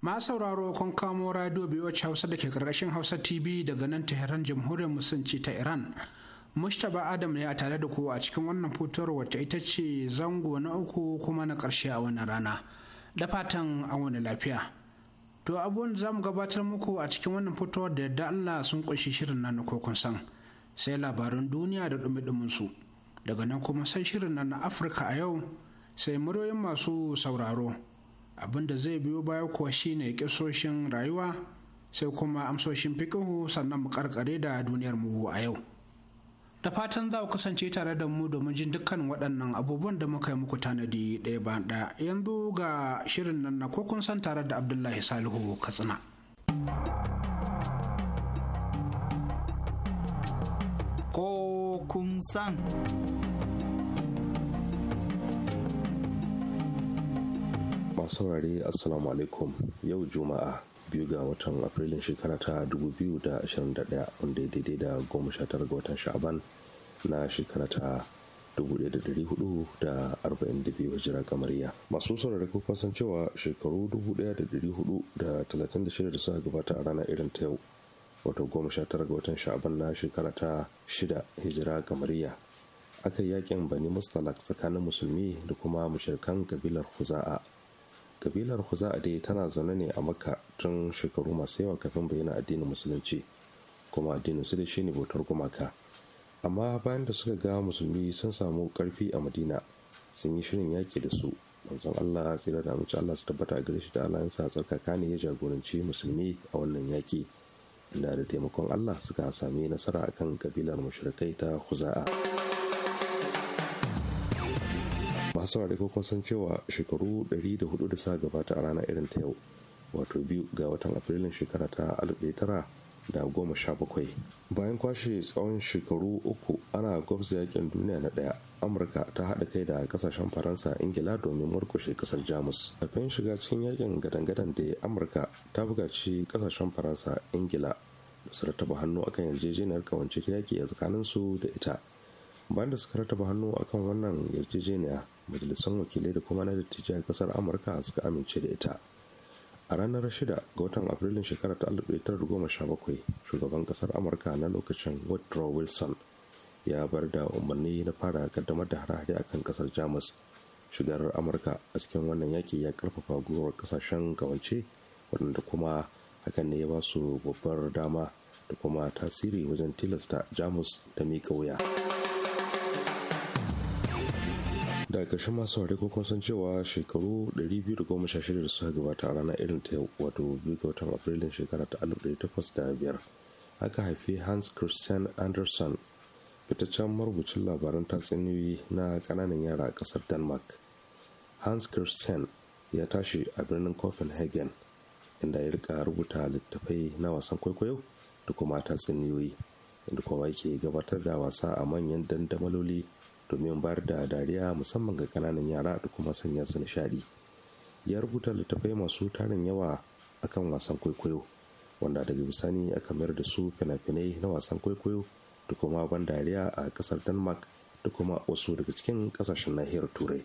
ma sauraro kun kamo radio wacce hausa da ke karkashin hausa tv daga nan tehran jamhuriyar musulunci ta iran mustapha adam ne a tare da ku a cikin wannan fitowar wacce ita ce zango na uku kuma na karshe a wannan rana da fatan an wani lafiya to abun za mu gabatar muku a cikin wannan fitowar da yadda allah sun kunshi shirin nan ko kun san sai labarin duniya da dumi su daga nan kuma sai shirin nan na afirka a yau sai muryoyin masu sauraro abin da zai biyo baya kuwa shine kisoshin rayuwa sai kuma amsoshin fikihu sannan mu karkare da duniyar mu a yau da fatan za ku kasance tare da mu domin jin dukkan waɗannan abubuwan da muka yi muku tanadi ɗaya bayan ɗaya yanzu ga shirin nan na ko kun san tare da abdullahi salihu katsina ko kun san masu saurare assalamu alaikum yau juma'a biyu ga watan afrilun shekara ta 2021 wanda ya daidai da goma sha tara ga watan sha'aban na shekara ta 1442 hijira kamariya masu saurare ko kusan cewa shekaru 1436 da suka gabata a ranar irin ta yau wato goma sha tara ga watan sha'aban na shekara ta 6 hijira kamariya aka yi yakin bani mustalak tsakanin musulmi da kuma mushirkan kabilar huza'a kabilar huza'a dai tana zaune ne a makka tun shekaru masu yawa kafin bayyana addinin musulunci kuma addinin su da shi ne bautar gumaka amma bayan da suka ga musulmi sun samu karfi a madina sun yi shirin yaƙi da su manzon allah tsira da amince allah su tabbata a gare shi da allah yansa tsarkaka ne ya jagoranci musulmi a wannan yaƙi inda da taimakon allah suka sami nasara akan kabilar mushrikai ta huza'a masu saurare ko kun san cewa shekaru 104 da sa gabata a ranar irin ta yau wato biyu ga watan afrilun shekara ta 1917 bayan kwashe tsawon shekaru uku ana gwabza yakin duniya na daya amurka ta haɗa kai da kasashen faransa ingila domin murkushe kasar jamus kafin shiga cikin yakin gadan-gadan da amurka ta buga ci kasashen faransa ingila da su rataba hannu akan yarjejeniyar kawance ta yaki a tsakaninsu da ita bayan da suka rataba hannu akan wannan yarjejeniya majalisun wakilai da kuma na dattijai a kasar amurka suka amince da ita a ranar 6 ga watan afrilun shekarar ta 1917 shugaban kasar amurka na lokacin woodrow wilson ya bar da umarni na fara kaddamar da hare-hare a kan kasar jamus shigar amurka a cikin wannan yaki ya karfafa gwiwar kasashen gawance waɗanda kuma hakan ne ya ba su babbar dama da kuma tasiri wajen tilasta jamus da miƙa wuya. da ƙarshen masu ware kun san cewa shekaru 216 da suka gabata a ranar irin ta yau wato biyu ga watan afrilun shekara ta 1805 aka haifi hans christian anderson fitaccen marubucin labaran tatsuniyoyi na kananan yara a kasar denmark hans christian ya tashi a birnin copenhagen inda ya rika rubuta littafai na wasan kwaikwayo da kuma tatsuniyoyi inda kuma yake gabatar da wasa a manyan dandamaloli domin bayar da dariya musamman ga kananan yara da kuma sanya su nishaɗi ya rubuta littattafai masu tarin yawa akan wasan kwaikwayo wanda daga bisani aka mayar da su fina-finai na wasan kwaikwayo da kuma ban dariya a kasar denmark da kuma wasu daga cikin kasashen nahiyar turai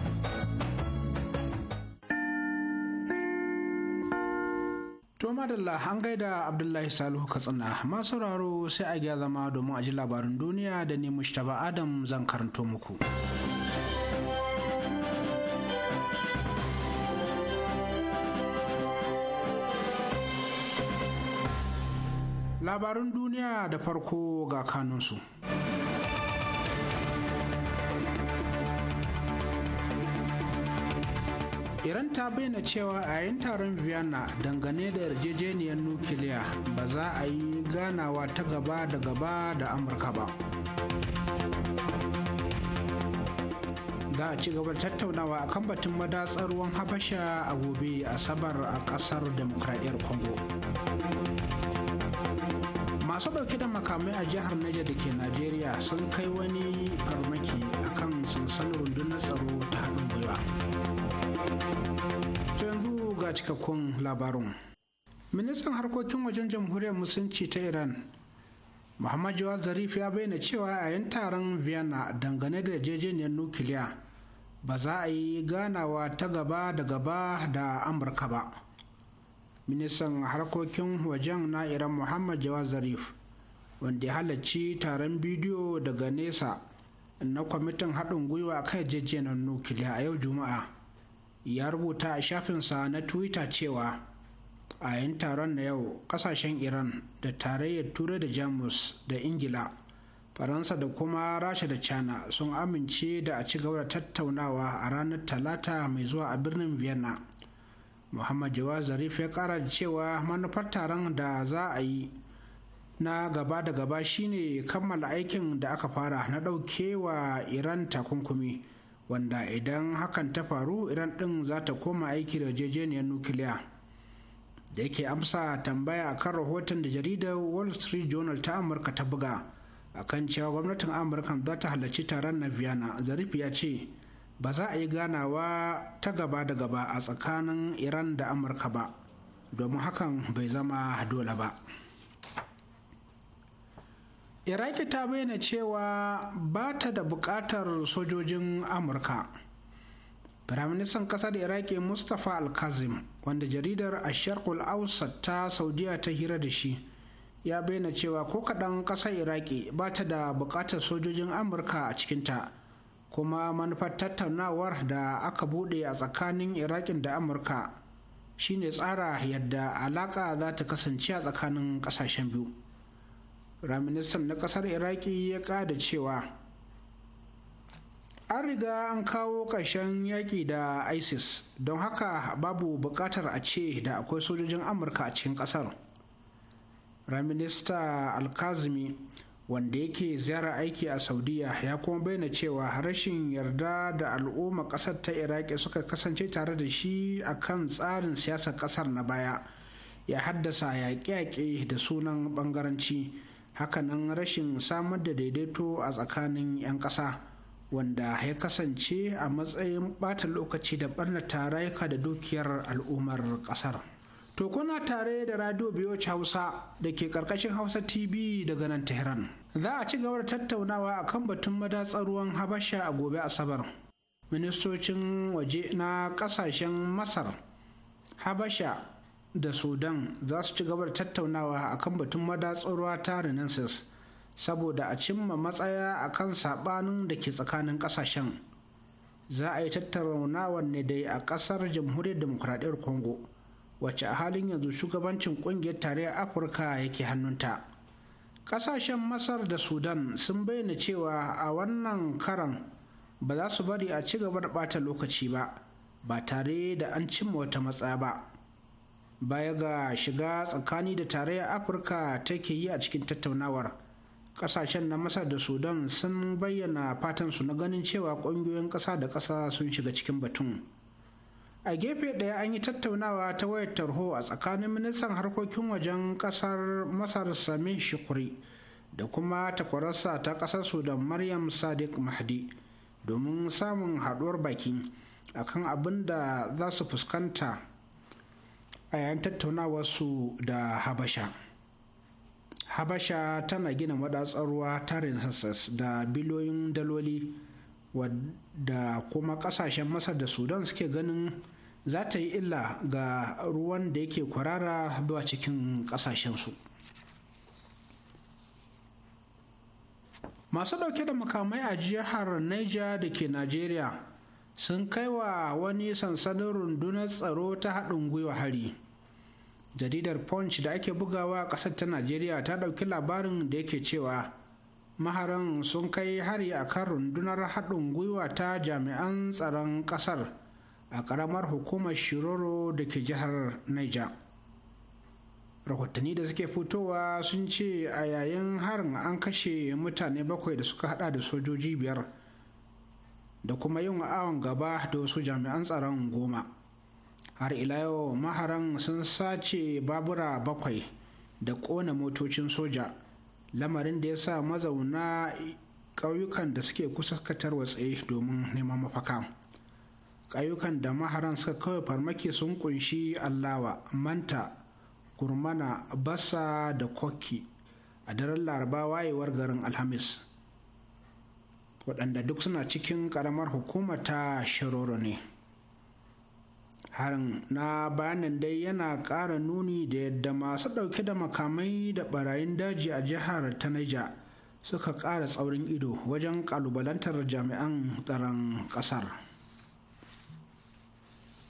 To madalla an gaida Abdullahi Salihu Katsina ma sauraro sai a gya zama domin a ji labarin duniya da ni Mustapha Adam zan karanto muku. Labarin duniya da farko ga kanunsu. iran ta bayyana cewa a yayin taron vienna dangane da yarjejeniyar nukiliya ba za a yi ganawa ta gaba da gaba da amurka ba za a ci gaba tattaunawa a kan batun madatsar ruwan habasha a gobe asabar a ƙasar demokradiyyar congo masu dauke da makamai a jihar niger da ke najeriya sun kai wani farmaki akan sansanin rundunar tsaro ga cikakkun labarun. Ministan harkokin wajen jamhuriyar musulunci ta Iran, Muhammad Jawad Zarif ya bayyana cewa a yan taron Vienna dangane da yarjejeniyar nukiliya ba za a yi ganawa ta gaba da gaba da Amurka ba. Ministan harkokin wajen na Iran Muhammad Jawad Zarif, wanda ya halarci taron bidiyo daga nesa na kwamitin haɗin gwiwa kan yarjejeniyar nukiliya a yau Juma'a. ya rubuta a shafinsa na twitter cewa a yin taron na yau kasashen iran da tarayyar turai da jamus da ingila faransa da kuma rasha da china sun amince da a ci gaba da tattaunawa a ranar talata mai zuwa a birnin vienna muhammad jawad zarif ya kara da cewa manufar taron da za a yi na gaba da gaba shine kammala aikin da aka fara na wa iran takunkumi wanda idan hakan ta faru iran ɗin za ta koma aiki da yarjejeniyar nukiliya da yake amsa tambaya akan rahoton da jaridar wall street journal ta amurka ta buga akan cewa gwamnatin Amurka za ta halarci taron na viana, zarif ya ce ba za a yi ganawa ta gaba da gaba a tsakanin iran da amurka ba domin hakan bai zama dole ba. iraki ta bayyana cewa ba ta da buƙatar sojojin amurka firaministan ƙasar iraki mustapha al-kazim wanda jaridar asharkul ausa ta saudiya ta hira da shi ya bayyana cewa ko kaɗan ƙasar iraki ba ta da buƙatar sojojin amurka a cikinta kuma manufar tattaunawar da aka bude a tsakanin iraki da amurka shine tsara yadda alaƙa za ta kasance a tsakanin ƙasashen biyu raministan na kasar iraki ya kada cewa an riga an kawo ƙarshen yaƙi da isis don haka babu buƙatar a ce da akwai sojojin amurka a cikin ƙasar raminista alkazmi wanda yake ziyara aiki a saudiya ya kuma bayyana cewa rashin yarda da al'umma ƙasar ta iraki suka kasance tare da shi a kan tsarin siyasar ƙasar na baya ya haddasa yaƙe-yaƙe da sunan ɓangaranci. hakanan rashin samar da daidaito a tsakanin 'yan ƙasa wanda ya kasance a matsayin ɓata lokaci da ɓarnata rayuka da dukiyar al'ummar ƙasar to kuna tare da radio biyoci hausa da ke ƙarƙashin hausa tv daga nan tehran za a ci gaba da tattaunawa a kan batun madatsar ruwan habasha a gobe asabar ministocin waje na ƙasashen masar habasha da sudan za su ci gabar tattaunawa a kan batun madatsarwa ta renaissance saboda a cimma matsaya a kan saɓanin da ke tsakanin ƙasashen za a yi tattaunawar ne dai a ƙasar jamhuriyar demokuraɗiyar congo wacce a halin yanzu shugabancin ƙungiyar tarayyar afirka yake hannunta ƙasashen masar da sudan sun bayyana cewa a wannan karan ba za su bari a ci gaba da ɓata lokaci ba ba tare da an cimma wata matsaya ba baya ga shiga tsakani da tarayyar afirka take yi a cikin tattaunawar kasashen na masar da sudan sun bayyana fatan su na ganin cewa ƙungiyoyin ƙasa da ƙasa sun shiga cikin batun a gefe ɗaya an yi tattaunawa ta wayar tarho a tsakanin ministan harkokin wajen ƙasar masar sami shukuri da kuma takwararsa ta ƙasar sudan maryam sadiq mahdi domin samun haɗuwar baki akan abin da za su fuskanta a yayin tattaunawarsu da habasha habasha tana gina madatsar ruwa ta renaissance da biloyin daloli wadda kuma kasashen masar da sudan suke ganin za ta yi illa ga ruwan da yake kwarara zuwa cikin kasashensu masu dauke da makamai a jihar niger da ke Najeriya. sun kai wa wani sansanin rundunar tsaro ta haɗin gwiwa hari jaridar punch da ake bugawa a ƙasar ta najeriya ta ɗauki labarin da yake cewa maharan sun kai hari a kan rundunar haɗin gwiwa ta jami'an tsaron ƙasar a ƙaramar hukumar shiroro da ke jihar niger rahotanni da suke fitowa sun ce a yayin harin an kashe mutane bakwai da suka hada da sojoji biyar da kuma yin awon gaba da wasu jami'an tsaron goma har ila yau maharan sun sace babura bakwai da kona motocin soja lamarin da ya sa mazauna ƙauyukan da suke kusa suka tarwatse domin neman mafaka ƙauyukan da maharan suka kawai farmaki sun kunshi allawa manta gurmana Bassa da kokki a daren laraba wayewar garin alhamis waɗanda duk suna cikin ƙaramar hukumar ta shiroro ne harin na bayanin dai yana ƙara nuni da yadda masu ɗauke da makamai da ɓarayin daji a jihar ta Niger suka ƙara tsaurin ido wajen ƙalubalantar jami'an tsaron ƙasar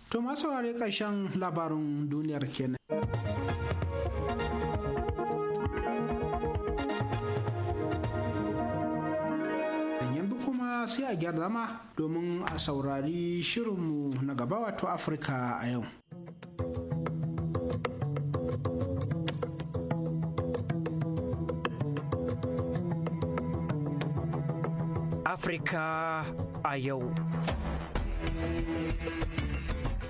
to masu ƙarshen labarin duniyar kenan sai a gyara zama domin a saurari shirinmu na gaba wato Afirka a yau. Afirka a yau.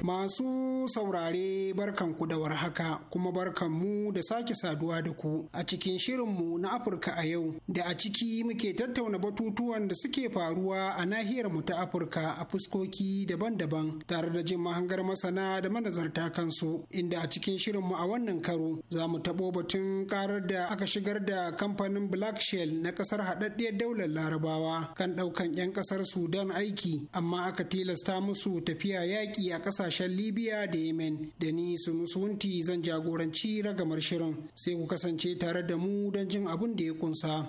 Masu saurare barkan ku dawar haka kuma barkanmu da sake saduwa da ku a cikin shirinmu na Afirka a yau da a ciki muke tattauna batutuwan da suke faruwa a nahiyar mu ta Afirka a fuskoki daban-daban tare da jin mahangar masana da manazarta kansu inda a cikin shirinmu a wannan karo za mu taɓo batun karar da aka shigar da kamfanin Black Shell na kasar haɗaɗɗiyar daular Larabawa kan ɗaukan 'yan ƙasar Sudan aiki amma aka tilasta musu tafiya yaƙi a ƙasashen kasashen libya da yemen da ni su musuwunti zan jagoranci ragamar shirin sai ku kasance tare da mu don jin abin da ya kunsa.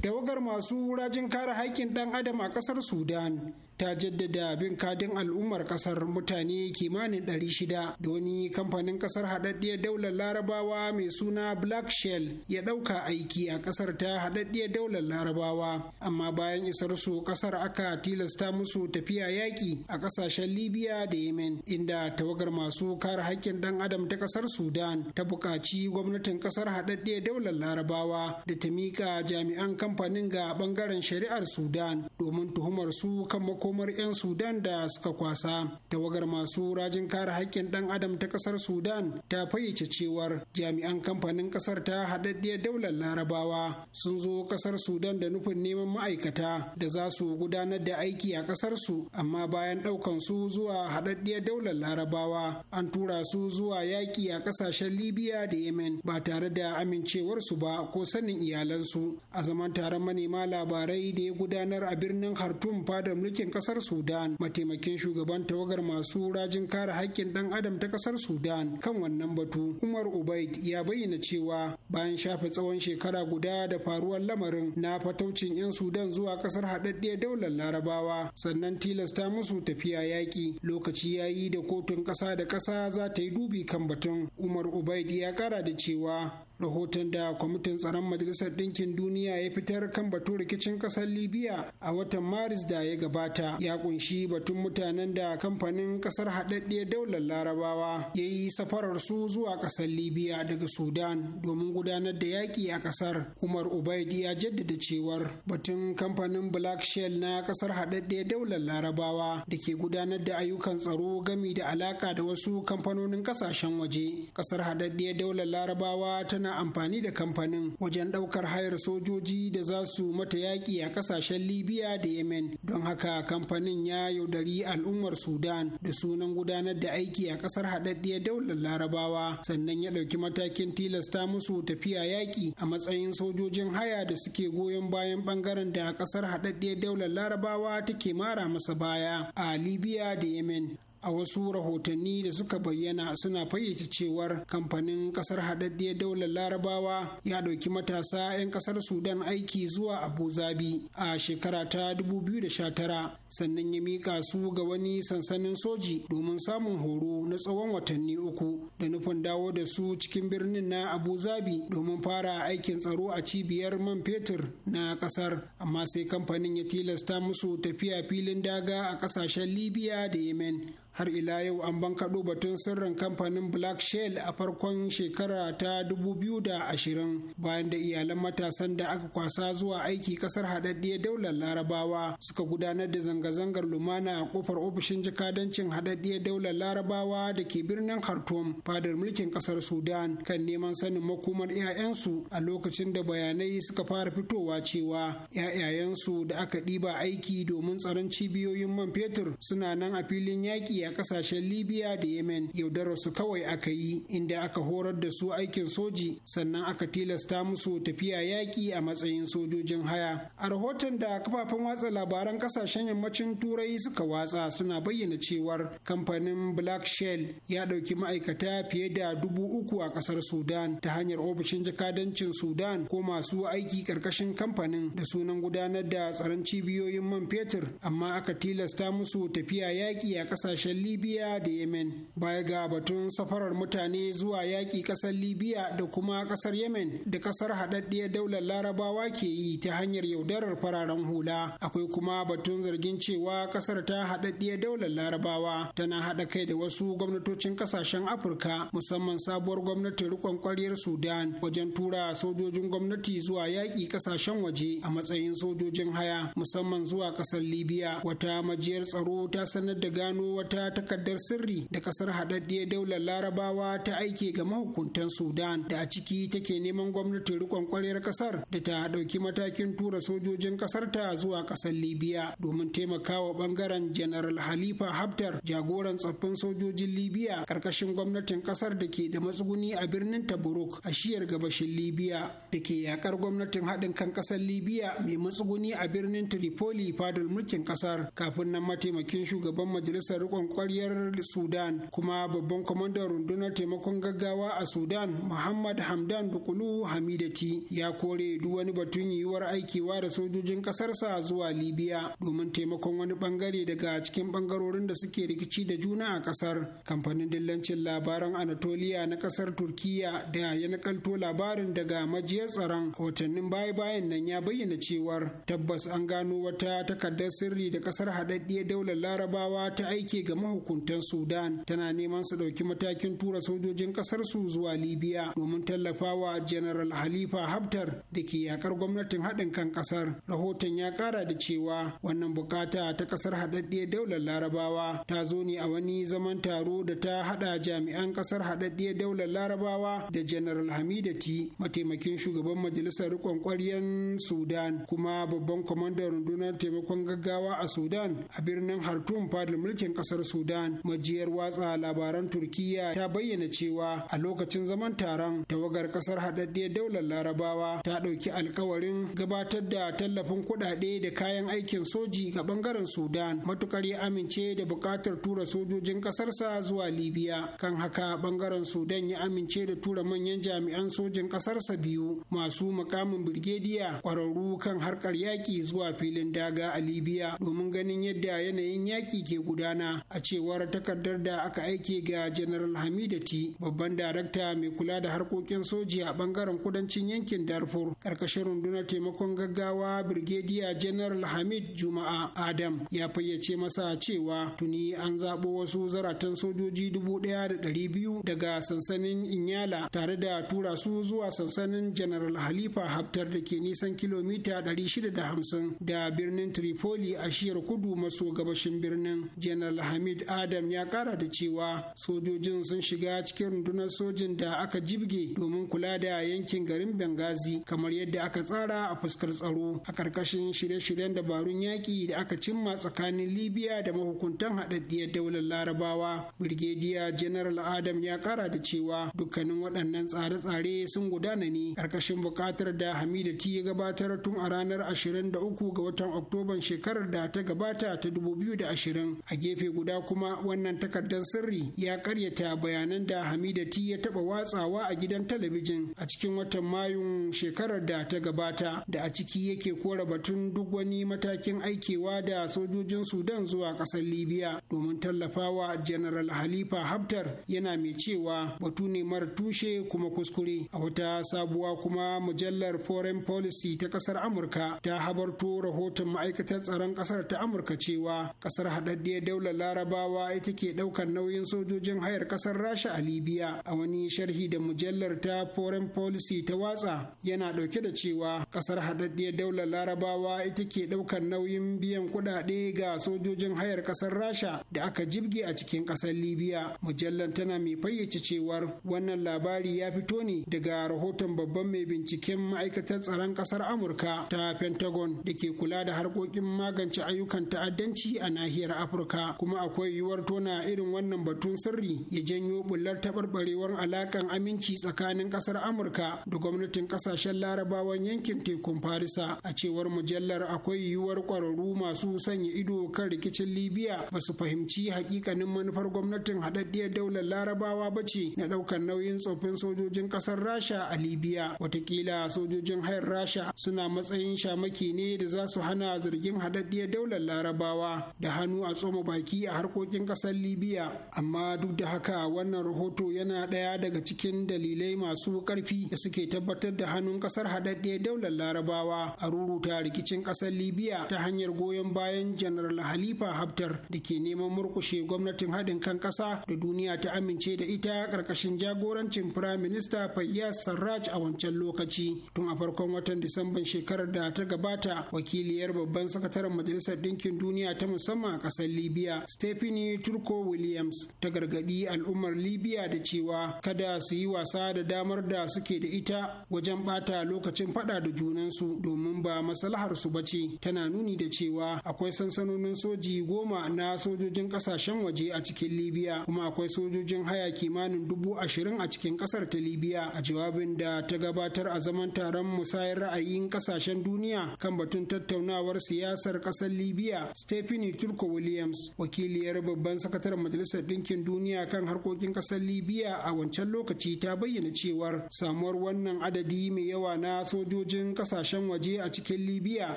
tawagar masu rajin kare haƙƙin ɗan adam a ƙasar sudan ta jaddada bin kadin al'ummar kasar mutane kimanin 600 da wani kamfanin kasar haɗaɗɗiyar daular larabawa mai suna black shell ya ɗauka aiki a kasar ta haɗaɗɗiyar daular larabawa amma bayan isar su kasar aka tilasta musu tafiya yaƙi a ƙasashen libya da yemen inda tawagar masu kare haƙƙin ɗan adam ta ƙasar sudan ta buƙaci gwamnatin kasar haɗaɗɗiyar daular larabawa da ta miƙa jami'an kamfanin ga ɓangaren shari'ar sudan domin tuhumar su kan mako makomar 'yan sudan da suka kwasa tawagar masu rajin kare haƙƙin ɗan adam ta ƙasar sudan ta fayyace cewar jami'an kamfanin ƙasar ta haɗaɗɗiyar daular larabawa sun zo ƙasar sudan da nufin neman ma'aikata da za su gudanar da aiki a ƙasar su amma bayan ɗaukan su zuwa haɗaɗɗiyar daular larabawa an tura su zuwa yaƙi a ƙasashen libiya da yemen ba tare da amincewarsu ba ko sanin iyalansu a zaman taron manema labarai da ya gudanar a birnin khartoum fadar mulkin kasar sudan mataimakin shugaban tawagar masu rajin kare haƙƙin ɗan adam ta kasar sudan kan wannan batu umar ubaid ya bayyana cewa bayan shafe tsawon shekara guda da faruwar lamarin na fataucin 'yan sudan zuwa kasar haɗaɗɗiyar daular larabawa sannan tilasta musu tafiya yaƙi lokaci ya yi da kotun ƙasa da ƙasa za ta yi dubi kan batun umar ubaid ya ƙara da cewa rahoton da kwamitin tsaron majalisar ɗinkin duniya ya fitar kan batun rikicin ƙasar libya a watan maris da ya gabata ya kunshi batun mutanen da kamfanin ƙasar haɗaɗɗiyar daular larabawa ya yi safarar su zuwa ƙasar libya daga sudan domin gudanar da yaƙi a ƙasar umar ubaid ya jaddada cewar batun kamfanin black shell na ƙasar haɗaɗɗiyar daular larabawa da ke gudanar da ayyukan tsaro gami da alaƙa da wasu kamfanonin ƙasashen waje ƙasar haɗaɗɗiyar daular larabawa tana amfani da kamfanin wajen ɗaukar hayar sojoji da za su mata yaƙi a ƙasashen Libya da Yemen. Don haka kamfanin ya yaudari al'ummar Sudan da sunan gudanar da aiki a ƙasar haɗaɗɗiyar daular Larabawa sannan ya ɗauki matakin tilasta musu tafiya yaƙi a matsayin sojojin haya da suke goyon bayan ɓangaren da ƙasar haɗaɗɗiyar daular Larabawa take mara masa baya a Libya da Yemen. a wasu rahotanni da suka bayyana suna fayyace cewar kamfanin kasar haɗaɗɗiyar daular larabawa ya ɗauki matasa 'yan kasar sudan aiki zuwa abu zabi a shekara ta 2019 sannan ya mika su ga wani sansanin soji domin samun horo na tsawon watanni uku da nufin dawo da su cikin birnin na abu zabi domin fara aikin tsaro a cibiyar man fetur na kasar amma sai kamfanin ya tilasta musu tafiya filin daga a kasashen libya da yemen har ila yau an bankaɗo batun sirrin kamfanin black shell a farkon shekara ta 2020 bayan da iyalan matasan da aka kwasa zuwa aiki kasar haɗaɗɗiyar daular larabawa suka gudanar da zanga zanga-zangar lumana a kofar ofishin jikadancin haɗaɗɗiyar daular larabawa da ke birnin khartoum fadar mulkin ƙasar sudan kan neman sanin makomar 'ya'yansu a lokacin da bayanai suka fara fitowa cewa 'ya'yayensu da aka ɗiba aiki domin tsaron cibiyoyin man fetur suna nan a filin yaƙi a ƙasashen libya da yemen yaudararsu kawai aka yi inda aka horar da su aikin soji sannan aka tilasta musu tafiya yaƙi a matsayin sojojin haya a rahoton da kafafen watsa labaran ƙasashen yammacin yammacin turai suka watsa suna bayyana cewar kamfanin black shell ya ɗauki ma'aikata fiye da dubu uku a ƙasar sudan ta hanyar ofishin jakadancin sudan ko masu aiki ƙarƙashin kamfanin da sunan gudanar da tsaron cibiyoyin man fetur amma aka tilasta musu tafiya yaƙi a ƙasashen libya da yemen baya ga batun safarar mutane zuwa yaƙi ƙasar libya da kuma ƙasar yemen da ƙasar haɗaɗɗiyar daular larabawa ke yi ta hanyar yaudarar fararen hula akwai kuma batun zargin cewa kasar ta haɗaɗɗiyar daular larabawa tana haɗa kai da wasu gwamnatocin ƙasashen afirka musamman sabuwar gwamnatin rikon kwaryar sudan wajen tura sojojin gwamnati zuwa yaƙi ƙasashen waje a matsayin sojojin haya musamman zuwa ƙasar libya wata majiyar tsaro ta sanar da gano wata takardar sirri da kasar haɗaɗɗiyar daular larabawa ta aike ga mahukuntan sudan da a ciki take neman gwamnatin rikon kwaryar kasar da ta ɗauki matakin tura sojojin kasar ta zuwa kasar libya domin taimaka taimakawa bangaren General Halifa Haftar jagoran tsaffin sojojin Libya karkashin gwamnatin kasar da ke da matsuguni a birnin Tabaruk a shiyar gabashin Libya da ke yakar gwamnatin haɗin kan kasar Libya mai matsuguni a birnin Tripoli fadar mulkin kasar kafin nan mataimakin shugaban majalisar rikon kwaryar Sudan kuma babban kwamandan rundunar taimakon gaggawa a Sudan Muhammad Hamdan Dukulu Hamidati ya kore duk wani batun yiwuwar aikewa da sojojin kasarsa zuwa Libya domin taimakon taimakon wani bangare daga cikin bangarorin da suke rikici da juna a kasar kamfanin dillancin labaran Anatoliya na kasar turkiya da ya nakalto labarin daga majiyar tsaron watannin baya-bayan nan ya bayyana cewar tabbas an gano wata takardar sirri da kasar haɗaɗɗiyar daular larabawa ta aike ga mahukuntan sudan tana neman su ɗauki matakin tura sojojin kasar su zuwa libya domin tallafawa general halifa Habtar, da ke yakar gwamnatin haɗin kan kasar rahoton ya ƙara da cewa wannan buƙatar mata ta kasar haɗaɗɗiyar daular larabawa ta zo ne a wani zaman taro da ta haɗa jami'an kasar haɗaɗɗiyar daular larabawa da general hamidati mataimakin shugaban majalisar rikon ƙwaryen sudan kuma babban kwamandan rundunar taimakon gaggawa a sudan a birnin hartum fadar mulkin kasar sudan majiyar watsa labaran turkiya ta bayyana cewa a lokacin zaman taron tawagar kasar haɗaɗɗiyar daular larabawa ta ɗauki alkawarin gabatar da tallafin kuɗaɗe da kayan aikin soji ga bangaren sudan matukar ya amince da buƙatar tura sojojin ƙasarsa zuwa libya kan haka bangaren sudan ya amince da tura manyan jami'an sojin ƙasarsa biyu masu makamin birgediya kwararru kan harkar yaƙi zuwa filin daga a libya domin ganin yadda yanayin yaƙi ke gudana a cewar takardar da aka aike ga general hamidati babban darakta mai kula da harkokin soji a bangaren kudancin yankin darfur Karkashin rundunar taimakon gaggawa birgediya general hamid juma'a adam ya fayyace masa cewa tuni an zaɓo wasu zaratan sojoji dubu ɗaya da ɗari biyu daga sansanin inyala tare da tura su zuwa sansanin general halifa haftar da ke nisan kilomita ɗari shida da hamsin da birnin tripoli a shiyar kudu maso gabashin birnin general hamid adam ya ƙara da cewa sojojin sun shiga cikin rundunar sojin da aka jibge domin kula da yankin garin bengazi kamar yadda aka tsara a fuskar tsaro a ƙarƙashin shirye-shiryen dabarun yaƙi da aka aka cimma tsakanin libya da mahukuntan haɗaɗɗiyar daular larabawa birgediya general adam ya ƙara da cewa dukkanin waɗannan tsare-tsare sun gudana ne ƙarƙashin buƙatar da hamida ya gabatar tun a ranar 23 ga watan oktoban shekarar da ta gabata ta 2020 a gefe guda kuma wannan takardar sirri ya karyata bayanan da hamida ya taɓa watsawa a gidan talabijin a cikin watan mayun shekarar da ta gabata da a ciki yake kora batun duk wani matakin aikewa da sojojin sudan zuwa kasar libya domin tallafawa general halifa haftar yana mai cewa batu ne mara tushe kuma kuskure a wata sabuwa kuma mujallar foreign policy ta Kasar amurka ta habarto rahoton ma'aikatar tsaron kasar ta amurka cewa kasar haɗaɗɗiyar daular larabawa ita ke ɗaukar nauyin sojojin hayar kasar rasha a libya a wani sharhi da mujallar ta foreign policy ta watsa yana ɗauke da cewa kasar haɗaɗɗiyar daular larabawa ita ke ɗaukar nauyin biyan kudade ga sojojin hayar kasar rasha da aka jibge a cikin kasar libya mujallar tana mai fayyace cewar wannan labari ya fito ne daga rahoton babban mai binciken ma'aikatar tsaron kasar amurka ta pentagon da ke kula da harkokin magance ayyukan ta'addanci a nahiyar afirka kuma akwai yiwuwar tona irin wannan batun sirri ya janyo bullar taɓarɓarewar alaƙan aminci tsakanin kasar amurka da gwamnatin ƙasashen larabawan yankin tekun farisa a cewar mujallar akwai yiwuwar ƙwararru masu masu sanya ido kan rikicin libya ba su fahimci hakikanin manufar gwamnatin haɗaɗɗiyar daular larabawa ba ce na ɗaukar nauyin tsoffin sojojin ƙasar rasha a libya watakila sojojin hayar rasha suna matsayin shamaki ne da za su hana zargin haɗaɗɗiyar daular larabawa da hannu a tsoma baki a harkokin ƙasar libya amma duk da haka wannan rahoto yana ɗaya daga cikin dalilai masu ƙarfi da suke tabbatar da hannun ƙasar haɗaɗɗiyar daular larabawa a ruruta rikicin ƙasar libya ta hanyar goyon goyon bayan janar halifa haftar da ke neman murkushe gwamnatin haɗin kan ƙasa da duniya ta amince da ita ƙarƙashin jagorancin firayim minista fayyaz sarraj a wancan lokaci tun a farkon watan disamban shekarar da ta gabata wakiliyar babban sakataren majalisar ɗinkin duniya ta musamman a ƙasar libya stephanie turko williams ta gargaɗi al'ummar libya da cewa kada su yi wasa da damar da suke da ita wajen ɓata lokacin faɗa da junansu domin ba maslaharsu ba ce tana nuni da cewa akwai sansanonin soji goma na sojojin kasashen waje a cikin libya kuma akwai sojojin haya kimanin dubu ashirin a cikin kasar ta libya a jawabin da ta gabatar a zaman taron musayar ra'ayin kasashen duniya kan batun tattaunawar siyasar kasar libya stephanie turko williams wakiliyar babban sakataren majalisar ɗinkin duniya kan harkokin kasar libya a wancan lokaci ta bayyana cewar samuwar wannan adadi mai yawa na sojojin kasashen waje a cikin libya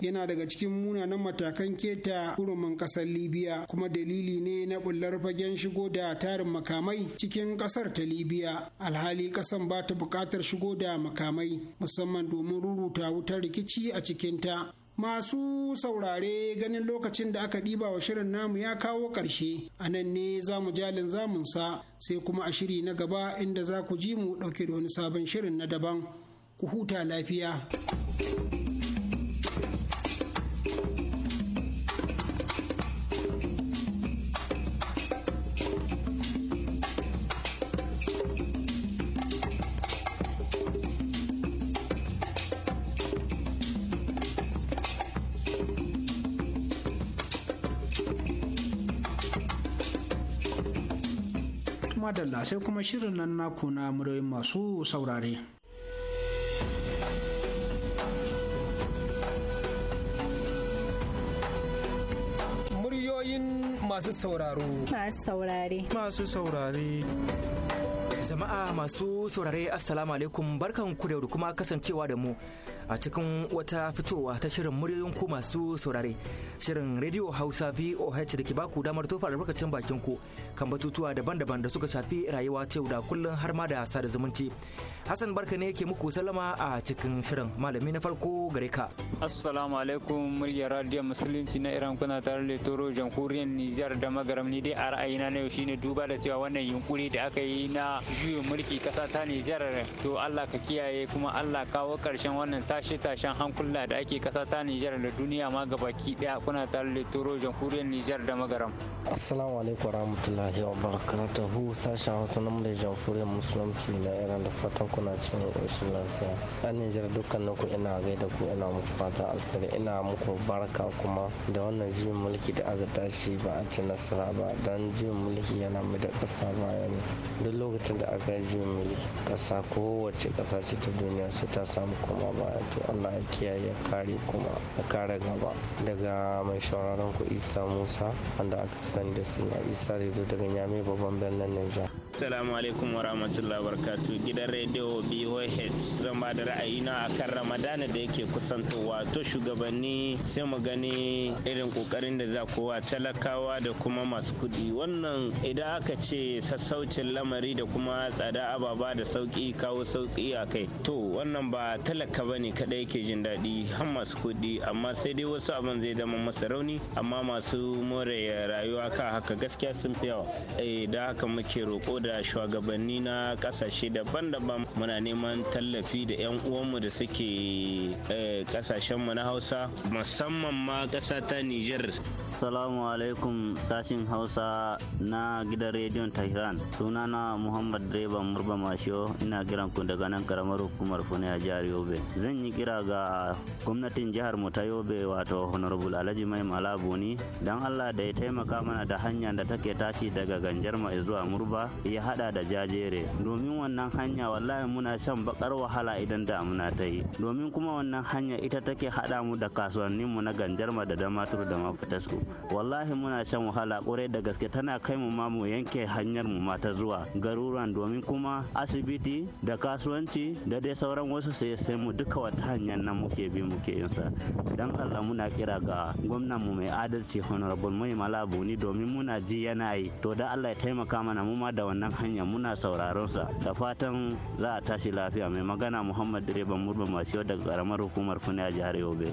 yana daga cikin munanan matakan kan keta hurumin kasar libya kuma dalili ne na bullar fagen shigo da tarin makamai cikin kasar ta libya alhali kasan ba ta bukatar shigo da makamai musamman domin ruruta wutar rikici a cikinta Masu saurare ganin lokacin da aka ɗiba wa shirin namu ya kawo ƙarshe, a nan ne za mu jalin zamunsa sai kuma a shiri na gaba inda za ku ji mu ɗauke da wani sabon shirin na daban. Ku huta lafiya. madalla sai kuma shirin nan naku na muryoyin masu saurare. Muryoyin masu sauraro. Masu saurare. Masu saurare. Jama'a masu saurare Assalamu alaikum barkan ku da kuma kasancewa da mu a cikin wata fitowa ta shirin muryoyin ku masu saurare. Shirin Radio Hausa VOH da ke baku damar tofa albarkacin bakin ku kan batutuwa daban-daban da suka shafi rayuwa ta yau da kullum har ma da sada zumunci. Hassan barka ne ke muku salama a cikin shirin malami na farko gare ka. Assalamu alaikum muryar Radio Musulunci na Iran kuna tare da Toro Jamhuriyar Nijar da Magaram ni dai a ra'ayina na yau shine duba da cewa wannan yunkuri da aka yi na juyin mulki kasa ta Nijar to Allah ka kiyaye kuma Allah kawo karshen wannan tashe tashen hankula da ake kasa ta Nijar da duniya ma gabaki daya kuna tare da jamhuriyar Nijar da magaram. Assalamu alaikum warahmatullahi wabarakatuhu sashen Hausa na mulki jamhuriyar musulunci na Iran da fatan kuna cikin rashin lafiya. A Nijar dukkanin ku ina da ku ina muku fata alfahari ina muku baraka kuma da wannan juyin mulki da aka tashi ba a ci nasara ba don juyin mulki yana mai da ƙasa baya ne. Duk lokacin da da aka juyin ƙasa kowace kasa ce ta duniya sai ta samu kuma ba to allah ya kiyaye kare kuma a kare gaba daga mai shawararren ku isa musa wanda aka sani da suna isa rezo daga nyame babban birnin niger Assalamu alaikum wa rahmatullahi wa barakatu gidan rediyo BOH zan ba da ra'ayina a kan Ramadana da yake kusantowa to shugabanni sai mu gani irin kokarin da za kowa talakawa da kuma masu kudi wannan idan aka ce sassaucin lamari da kuma kuma tsada ababa da sauki kawo sauki a kai to wannan ba talaka ba ne kaɗai yake jin daɗi har masu kuɗi amma sai dai wasu abin zai zama masa rauni amma masu more rayuwa ka haka gaskiya sun fi yawa eh da haka muke roƙo da shugabanni na ƙasashe daban-daban muna neman tallafi da 'yan uwanmu da suke eh, mu na hausa musamman ma ƙasa ta niger salamu alaikum sashin hausa na gidan rediyon tehran sunana muhammad Muhammad direban Murba Mashiyo ina kiran ku daga nan karamar hukumar Fune a jihar Yobe. Zan yi kira ga gwamnatin jihar mu ta Yobe wato Honorable Alhaji Mai ni dan Allah da ya taimaka mana da hanya da take tashi daga Ganjar mai zuwa Murba ya hada da jajere domin wannan hanya wallahi muna shan bakar wahala idan da muna ta yi domin kuma wannan hanya ita take hada mu da kasuwannin mu na Ganjar da Damatur da Mafitasku wallahi muna shan wahala kure da gaske tana kai mu ma mu yanke hanyar mu ma ta zuwa garuruwan nan domin kuma asibiti da kasuwanci da dai sauran wasu sai sai mu duka wata hanyar nan muke bi muke yin sa dan Allah muna kira ga gwamnan mu mai adalci honorable mai malabu ni domin muna ji yana yi to da Allah ya taimaka mana mu ma da wannan hanya muna sauraron sa da fatan za a tashi lafiya mai magana Muhammad Direban Murba Masiyo daga karamar hukumar Fune a jihar Yobe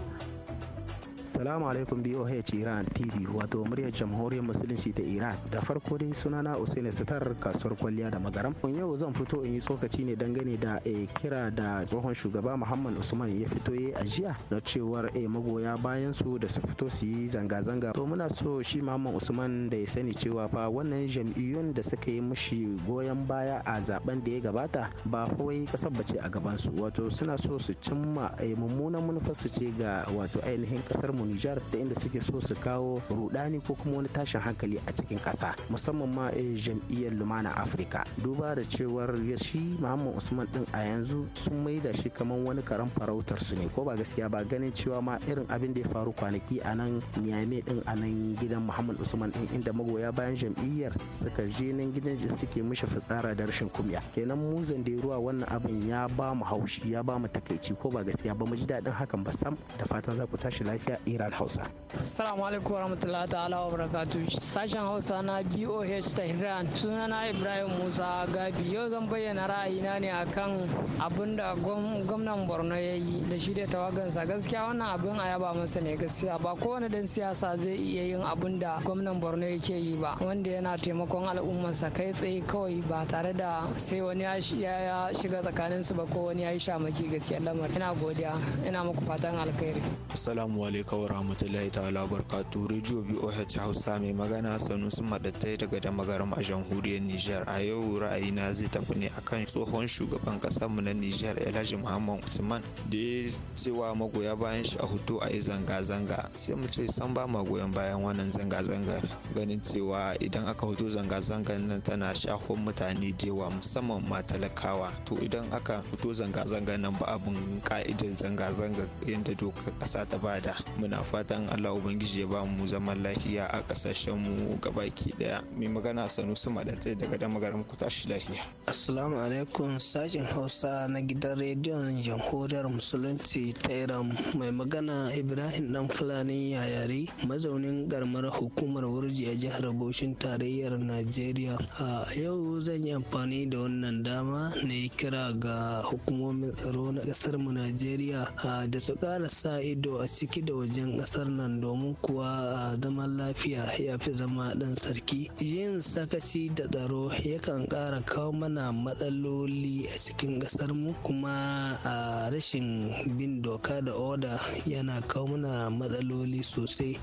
Assalamu alaikum BOH Iran TV wato muryar jamhuriyar musulunci ta Iran. Da farko dai sunana Usaini Sitar kasuwar kwalliya da magaram. Kun yau zan fito in yi tsokaci ne dangane da eh, kira da tsohon shugaba Muhammad Usman ya fito ya a jiya na cewar e, magoya bayan su da su fito su yi zanga-zanga. To muna so shi Muhammad Usman da ya sani cewa fa wannan jam'iyyun da suka yi mushi goyon baya a zaben da ya gabata ba kawai kasar bace a gaban su wato suna so su cimma a eh, mummunan manufarsu ce ga wato ainihin kasar mu Nijar da inda suke so su kawo rudani ko kuma wani tashin hankali a cikin kasa musamman ma a eh, jam'iyyar Lumana Afirka. Duba da cewar shi Muhammad Usman din a yanzu sun maida shi kamar wani karan farautar su ne ko ba gaskiya ba ganin cewa ma irin abin da ya faru kwanaki a nan Niamey din a nan gidan Muhammad Usman din inda magoya bayan jam'iyyar suka je nan gidan suke mishi fitsara da rashin kumya. Kenan mu ruwa wannan abin ya ba mu haushi ya ba mu takaici ko ba gaskiya ba mu ji daɗin hakan ba sam da fatan za ku tashi lafiya iran hausa Assalamu alaikum warahmatullahi ta'ala wa barakatu. Sashen Hausa na BOH Tehran sunana Ibrahim Musa Gabi yau zan bayyana ra'ayina ne akan abin da gwamnan Borno ya yi da shi da tawagansa gaskiya wannan abin a yaba masa ne gaskiya ba kowane dan siyasa zai iya yin abin da gwamnan Borno yake yi ba wanda yana taimakon al'ummarsa kai tsaye kawai ba tare da sai wani ya shiga tsakanin ba ko wani ya yi shamaki gaskiya lamar ina godiya ina muku fatan alkhairi. Assalamu alaikum wa rahmatullahi ta'ala barkatu rediyo BOH Hausa mai magana Sanusi Madattai daga damagaram a jamhuriyar Nijar a yau ra'ayina zai tafi ne akan tsohon shugaban mu na Nijar elhaji Muhammad Usman da ya cewa magoya bayan shi a hoto a yi zanga-zanga sai mu ce san ba magoyan bayan wannan zanga-zangar ganin cewa idan aka hoto zanga-zangar nan tana shafon mutane da yawa musamman ma talakawa to idan aka hoto zanga-zangar nan ba abin ka'idar zanga-zangar yadda dokar ƙasa ta bada muna fatan allah ubangiji ya ba mu zaman lafiya a kasashen mu gabaki daya mai magana da tsaye daga garin ku tashi lafiya assalamu alaikum sashen hausa na gidan rediyon jamhuriyar musulunci ta iran mai magana ibrahim dan fulani yayari mazaunin garmar hukumar wurji a jihar bauchin tarayyar najeriya a yau zan yi amfani da wannan dama na yi kira ga hukumomin tsaro na kasar mu najeriya da su ƙara sa ido a ciki da waje wajen ƙasar nan domin kuwa a ah, zaman lafiya ya fi zama ɗan sarki yin sakaci da tsaro yakan ƙara kawo mana matsaloli a cikin ƙasar mu kuma a ah, rashin bin doka da oda yana kawo mana matsaloli sosai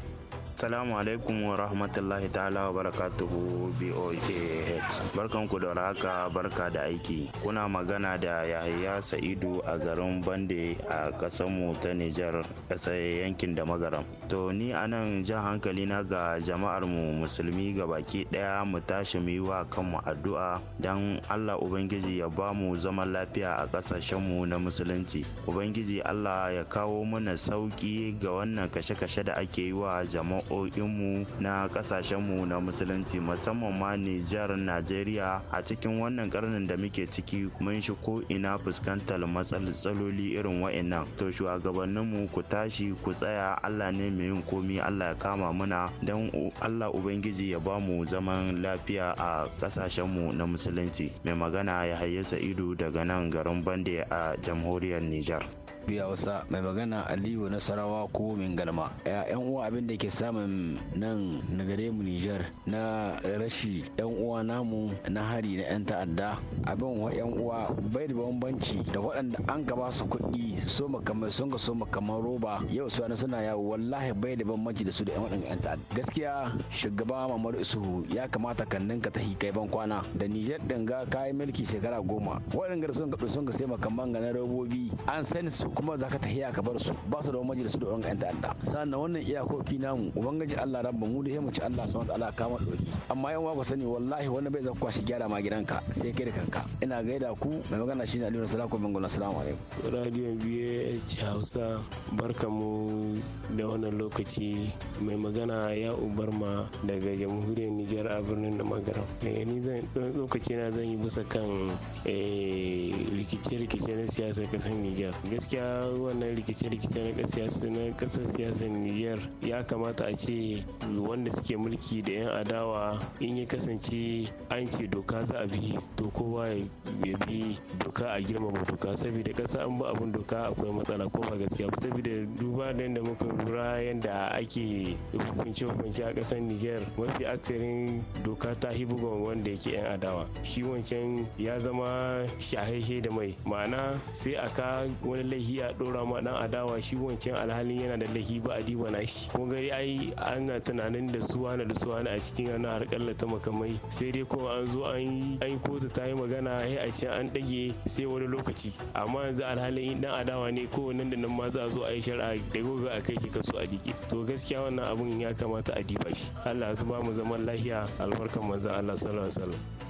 Assalamu alaikum wa rahmatullahi ta'ala wa barakatuhu BOAH. Barkan ku da haka barka da aiki. Kuna magana da Yahaya Sa'idu a garin Bande a ƙasar mu ta Nijar, ƙasar yankin da magaram to ni a nan jan hankali na ga jama'ar mu musulmi ga baki ɗaya mu tashi mu yi wa kanmu addu'a don allah ubangiji ya ba mu zaman lafiya a ƙasashenmu mu na musulunci ubangiji allah ya kawo mana sauki ga wannan kashe-kashe da ake yi wa jama'o'inmu na ƙasashenmu na musulunci musamman ma nijar najeriya a cikin wannan karnin da muke ciki mun shi ko ina fuskantar matsaloli irin wa'annan to shugabanninmu ku tashi ku tsaya allah ne mai yin komi allah ya kama muna don allah ubangiji ya ba mu zaman lafiya a kasashenmu na musulunci mai magana ya hayyasa ido daga nan garin bande a jamhuriyar nijar biya wasa mai magana aliyu nasarawa ko mingalma yan uwa abin da ke samun nan na gare mu nijar na rashi yan uwa namu na hari na yan ta'adda abin wa yan uwa bai da bambanci da waɗanda an gaba su kuɗi so makamai sun ga so makaman roba yau su suna yawo wallahi bai da bambanci da su da yan waɗanda yan ta'adda gaskiya shugaba mamadu isuhu ya kamata kannin ka tahi kai ban kwana da nijar ɗin ga kayan mulki shekara goma waɗanda sun ga sun ga sai makaman ga na robobi an sani su kuma za ka tahiya ka bar su ba su da wani majalisu da wani ga 'yan ta'adda sannan nan wannan iyakoki namu ubangiji Allah rabba mu da mu ci Allah subhanahu ala kama doki amma yan ku sani wallahi wannan bai zakwa kwashi gyara ma gidanka sai kai da kanka ina gaida ku mai magana shine Aliyu Salaku Bengo assalamu alaikum radio BH Hausa barkamu da wannan lokaci mai magana ya ma daga jamhuriyar Nijar a birnin da Magaram eh, ni zan lokaci na zan yi bisa kan eh, rikice-rikice na siyasa kasar Nijar gaskiya A wannan rikice-rikice na siyasa kasar siyasar Niger ya kamata a ce wanda suke mulki da 'yan adawa in ya kasance an ce doka za a bi to kowa ya bi doka a girmama doka saboda kasa an ba abin doka akwai matsala ko ba gaskiya ba saboda duba da yadda muka lura yadda ake hukunce-hukunce a kasar Niger mafi aksarin doka ta ga wanda yake 'yan adawa shi wancan ya zama shahaihe da mai ma'ana sai a ka wani laifi lahi a dora ma dan adawa shi wancan alhalin yana da lahi ba a diba na shi kun gari ai ana tunanin da su wani da su wani a cikin wani harkar ta makamai sai dai kuma an zo an yi kotu ta yi magana sai a can an dage sai wani lokaci amma yanzu alhalin dan adawa ne ko nan da nan ma za a zo a yi shari'a da gobe a kai ki kaso a jiki to gaskiya wannan abun ya kamata a diba shi Allah ya ba mu zaman lahiya albarkan manzon Allah sallallahu alaihi wasallam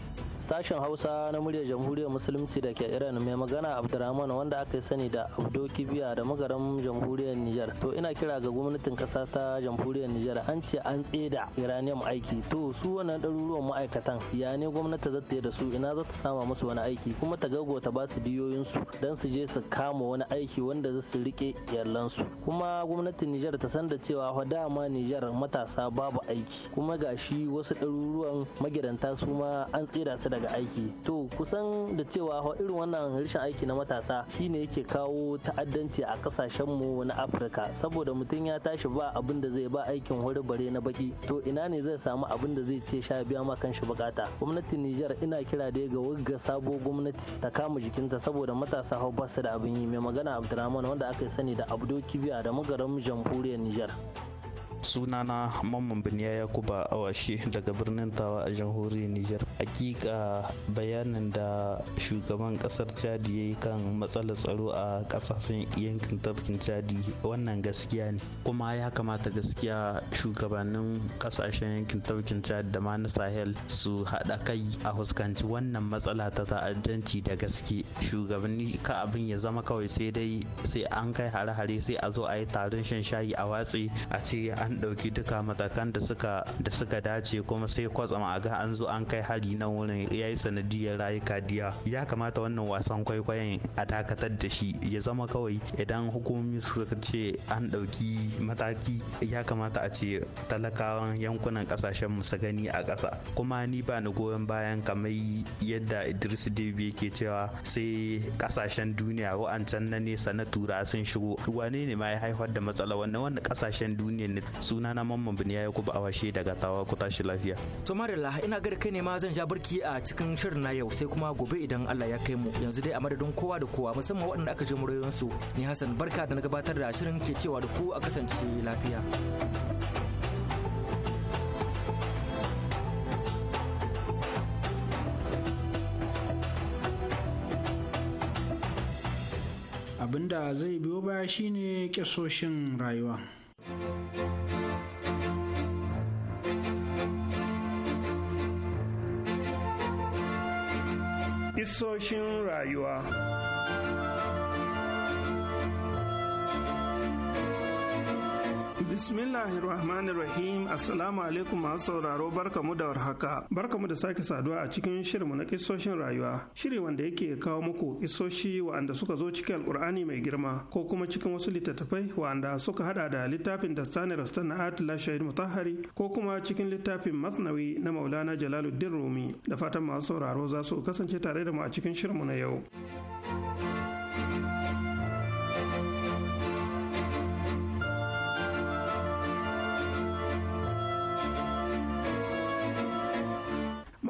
Sashen Hausa na muryar Jamhuriyar Musulunci da ke Iran mai magana Abdurrahman wanda aka sani da Abdo Kibiya da magaran Jamhuriyar Nijar. To ina kira ga gwamnatin kasa ta Jamhuriyar Nijar an ce an tseda Iranium aiki. To su wannan ɗaruruwan ma'aikatan ya ne gwamnati za ta yi da su ina za ta sama musu wani aiki kuma ta gaggauta ba su biyoyinsu don su je su kama wani aiki wanda za su rike yallansu. Kuma gwamnatin Nijar ta san da cewa fa dama Nijar matasa babu aiki kuma gashi wasu ɗaruruwan magidanta su ma an tseda su da daga aiki to kusan da cewa irin wannan rashin aiki na matasa shine yake kawo ta'addanci a kasashen mu na afirka saboda mutum ya tashi ba abin da zai ba aikin wuri bare na baki to ina ne zai samu abin da zai ce sha biya ma kanshi bukata gwamnatin nijar ina kira da ga wugga sabo gwamnati ta kama jikinta saboda matasa hau ba su da abin yi mai magana Abdulrahman wanda aka sani da Abdul kibiya da magaran jamhuriyar nijar sunana mamman biniya yakuba awashe daga birnin tawa a jamhuriyar niger hakika bayanin da shugaban kasar chadi ya yi kan matsalar tsaro a kasashen yankin tafkin chadi wannan gaskiya ne kuma ya kamata gaskiya shugabannin kasashen yankin tafkin chadi da ma na sahel su haɗa kai a fuskanci wannan matsala ta ta'addanci da gaske shugabanni ka abin ya zama kawai sai dai sai an kai hare-hare sai a zo a yi taron shan shayi a watsi a ce an ɗauki duka matakan da suka suka dace kuma sai kwatsama a ga an zo an kai hali na wurin ya yi sanadiyar rayuka diya ya kamata wannan wasan kwaikwayon a dakatar da shi ya zama kawai idan hukumomi suka ce an ɗauki mataki ya kamata a ce talakawan yankunan ƙasashen mu gani a ƙasa kuma ni ba ni goyon bayan kamar yadda idris dabi yake cewa sai ƙasashen duniya wa'ancan na nesa na tura sun shigo wane ne ma ya haifar da matsala wannan wannan ƙasashen duniya ne suna na mamman biniya ya kuba washe daga tawa ku tashi lafiya to marilla ina ga kai ne ma zan ja barki a cikin shirin na yau sai kuma gobe idan Allah ya kai mu yanzu dai a madadin kowa da kowa musamman waɗanda aka je murayoyin su ni Hassan barka da na gabatar da shirin ke cewa da ku a kasance lafiya abinda zai biyo baya shine kyasoshin rayuwa Isoshin rayuwa Bismillahirrahmanirrahim Assalamu alaikum masu sauraro barkamu da warhaka. Barkamu da sake saduwa a cikin shirinmu na kisoshin rayuwa. Shiri wanda yake kawo muku kisoshi wa'anda suka zo cikin Alkur'ani mai girma ko kuma cikin wasu littattafai wa'anda suka hada da littafin Dastani Rastan na Atila Shahid Mutahari ko kuma cikin littafin Masnawi na Maulana Jalaluddin Rumi. Da fatan masu sauraro za su kasance tare da mu a cikin shirinmu na yau.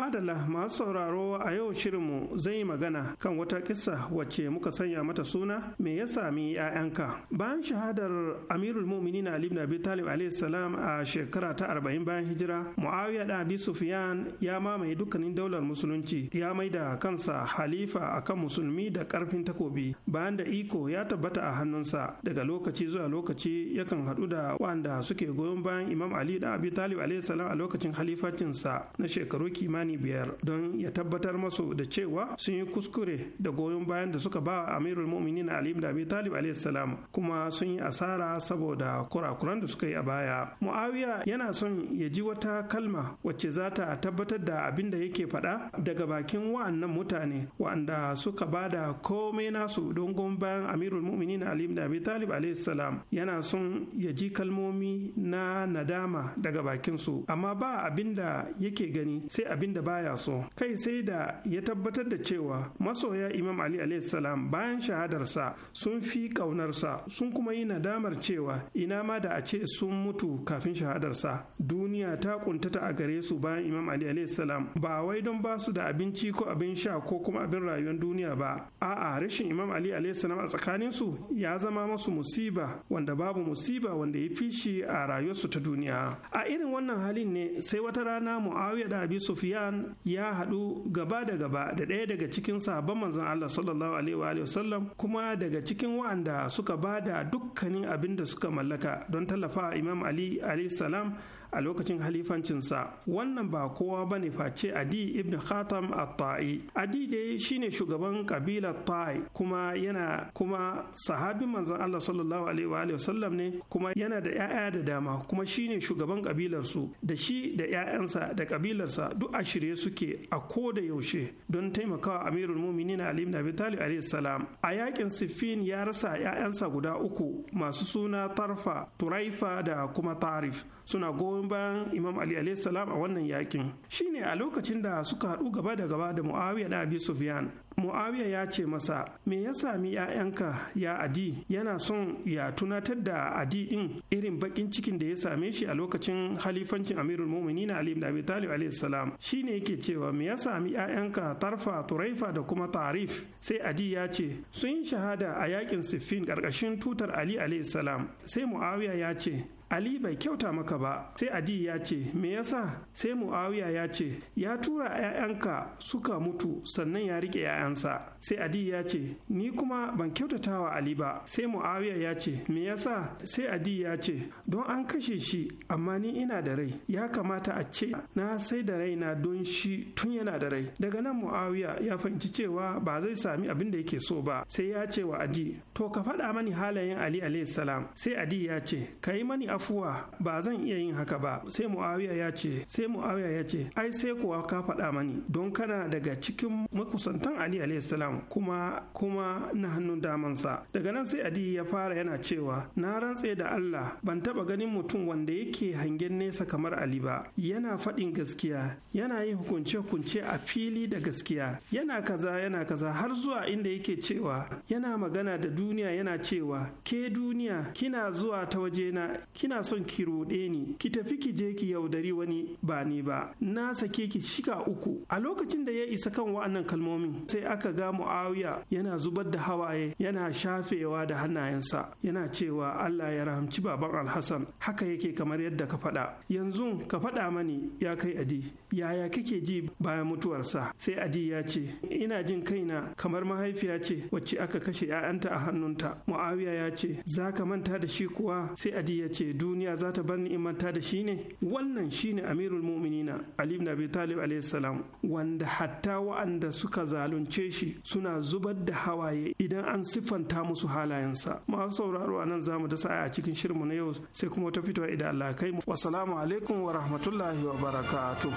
adala masu sauraro a yau shirinmu zai yi magana kan wata kisa wacce muka sanya mata suna me ya sami 'ya'yanka bayan shahadar amirul muminin ali ibn abi talib alayhi a shekara ta arba'in bayan hijira muawiya da abi sufyan ya mamaye dukkanin daular musulunci ya maida kansa halifa a kan musulmi da karfin takobi bayan da iko ya tabbata a hannunsa daga lokaci zuwa lokaci yakan haɗu da wanda suke goyon bayan imam ali da abi talib a lokacin halifacinsa na shekaru kimani biyar don ya tabbatar masu da cewa sun yi kuskure da goyon bayan da suka ba amirul mu'minin ali ibn abi talib salam kuma sun yi asara saboda kurakuran da suka yi a baya muawiya yana son ya ji wata kalma wacce za ta tabbatar da abin da yake faɗa daga bakin wa'annan mutane wa'anda suka ba da komai nasu don goyon bayan amirul mu'minin ali ibn abi talib salam yana son ya ji kalmomi na nadama daga bakin su, amma ba abinda da yake gani sai abinda da baya so kai sai da ya tabbatar da cewa masoya imam ali salam bayan shahadarsa sun fi kaunarsa sun kuma yi nadamar cewa ina ma da a ce sun mutu kafin shahadarsa duniya ta kuntata a gare su bayan imam ali salam ba wai don ba su da abinci ko abin sha ko kuma abin rayuwar duniya ba a'a rashin imam ali salam a tsakanin su ya zama masu musiba wanda babu musiba wanda ya fi shi a rayuwarsu ta duniya a irin wannan halin ne sai wata rana muawiya da abi sufyan ya haɗu gaba da gaba da ɗaya daga cikin sahabban manzon Allah sallallahu alaihi wa wasallam kuma daga cikin wa'anda suka bada dukkanin abin da suka mallaka don tallafa Imam Ali alaihi salam a lokacin halifancinsa wannan ba kowa ba ne face adi ibn khatam at-ta'i adi dai shine shugaban kabilar ta'i kuma yana kuma sahabin manzon Allah sallallahu alaihi wa sallam ne kuma yana da 'ya'ya da dama kuma shine shugaban kabilar su da shi da 'ya'yansa da kabilarsa duk a shirye suke a ko da yaushe don taimakawa amirul mu'minin ali ibn abi talib alaihi salam a yakin siffin ya rasa 'ya'yansa guda uku masu suna tarfa turaifa da kuma tarif suna goyon bayan imam ali alayhi salam a wannan yakin shine a lokacin da suka haɗu gaba da gaba da muawiya da abi sufyan muawiya ya ce masa me ya sami ‘ya'yanka ya adi yana son ya tunatar da adi din irin bakin cikin da ya same shi a lokacin halifancin amirul mu'minin ali ibn abi talib alayhi salam shine yake cewa me ya sami ‘ya'yanka tarfa turaifa da kuma tarif sai adi ya ce sun yi shahada a yakin siffin ƙarƙashin tutar ali alayhi salam sai muawiya ya ce Ali bai kyauta maka ba sai Adi ya ce me yasa sai Muawiya ya ce ya tura 'ya'yanka suka mutu sannan ya rike 'ya'yansa sai Adi ya ce ni kuma ban kyautata wa Ali ba sai Muawiya ya ce me yasa sai Adi ya ce don an kashe shi amma ni ina da rai ya kamata a ce na sai da rai na don shi tun yana da rai daga nan Muawiya ya fahimci cewa ba zai sami abin da yake so ba sai ya ce wa Adi to ka faɗa mani halayen Ali alayhi salam sai Adi ya ce ka yi mani afuwa ba zan iya yin haka ba sai muawiya ya ce sai muawiya ya ce ai sai kuwa ka faɗa mani don kana daga cikin makusantan ali alaihissalam kuma kuma na hannun damansa daga nan sai adi ya fara yana cewa na rantse da allah ban taba ganin mutum wanda yake hangen nesa kamar ali ba yana faɗin gaskiya yana yin hukunce-hukunce a fili da gaskiya yana kaza yana kaza har zuwa inda yake cewa yana magana da duniya yana cewa ke duniya kina zuwa ta wajena kina kina son ki rude ni ki tafi ki je ki yaudari wani ba ni ba na sake ki shika uku a lokacin da ya isa kan wa'annan kalmomin sai aka ga muawiya yana zubar da hawaye yana shafewa da hannayensa yana cewa Allah ya rahamci baban alhassan haka yake kamar yadda ka faɗa yanzu ka faɗa mani ya kai adi yaya kake ji bayan mutuwarsa sai adi ya ce ina jin kaina kamar mahaifiya ce wacce aka kashe 'ya'yanta a hannunta muawiya ya ce za ka manta da shi kuwa sai adi ya ce duniya za ta bar ni imanta da shi ne wannan shine amirul mu'minina ali ibn abi talib salam wanda hatta wa'anda suka zalunce shi suna zubar da hawaye idan an siffanta musu halayensa masu sauraro a nan zamu dasa a cikin shirinmu na yau sai kuma ta fitowa idan Allah kai mu wassalamu alaikum wa rahmatullahi wa barakatu.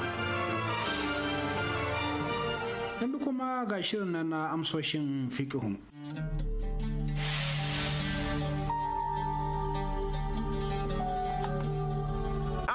yanzu kuma ga shirin na amsoshin fikihun.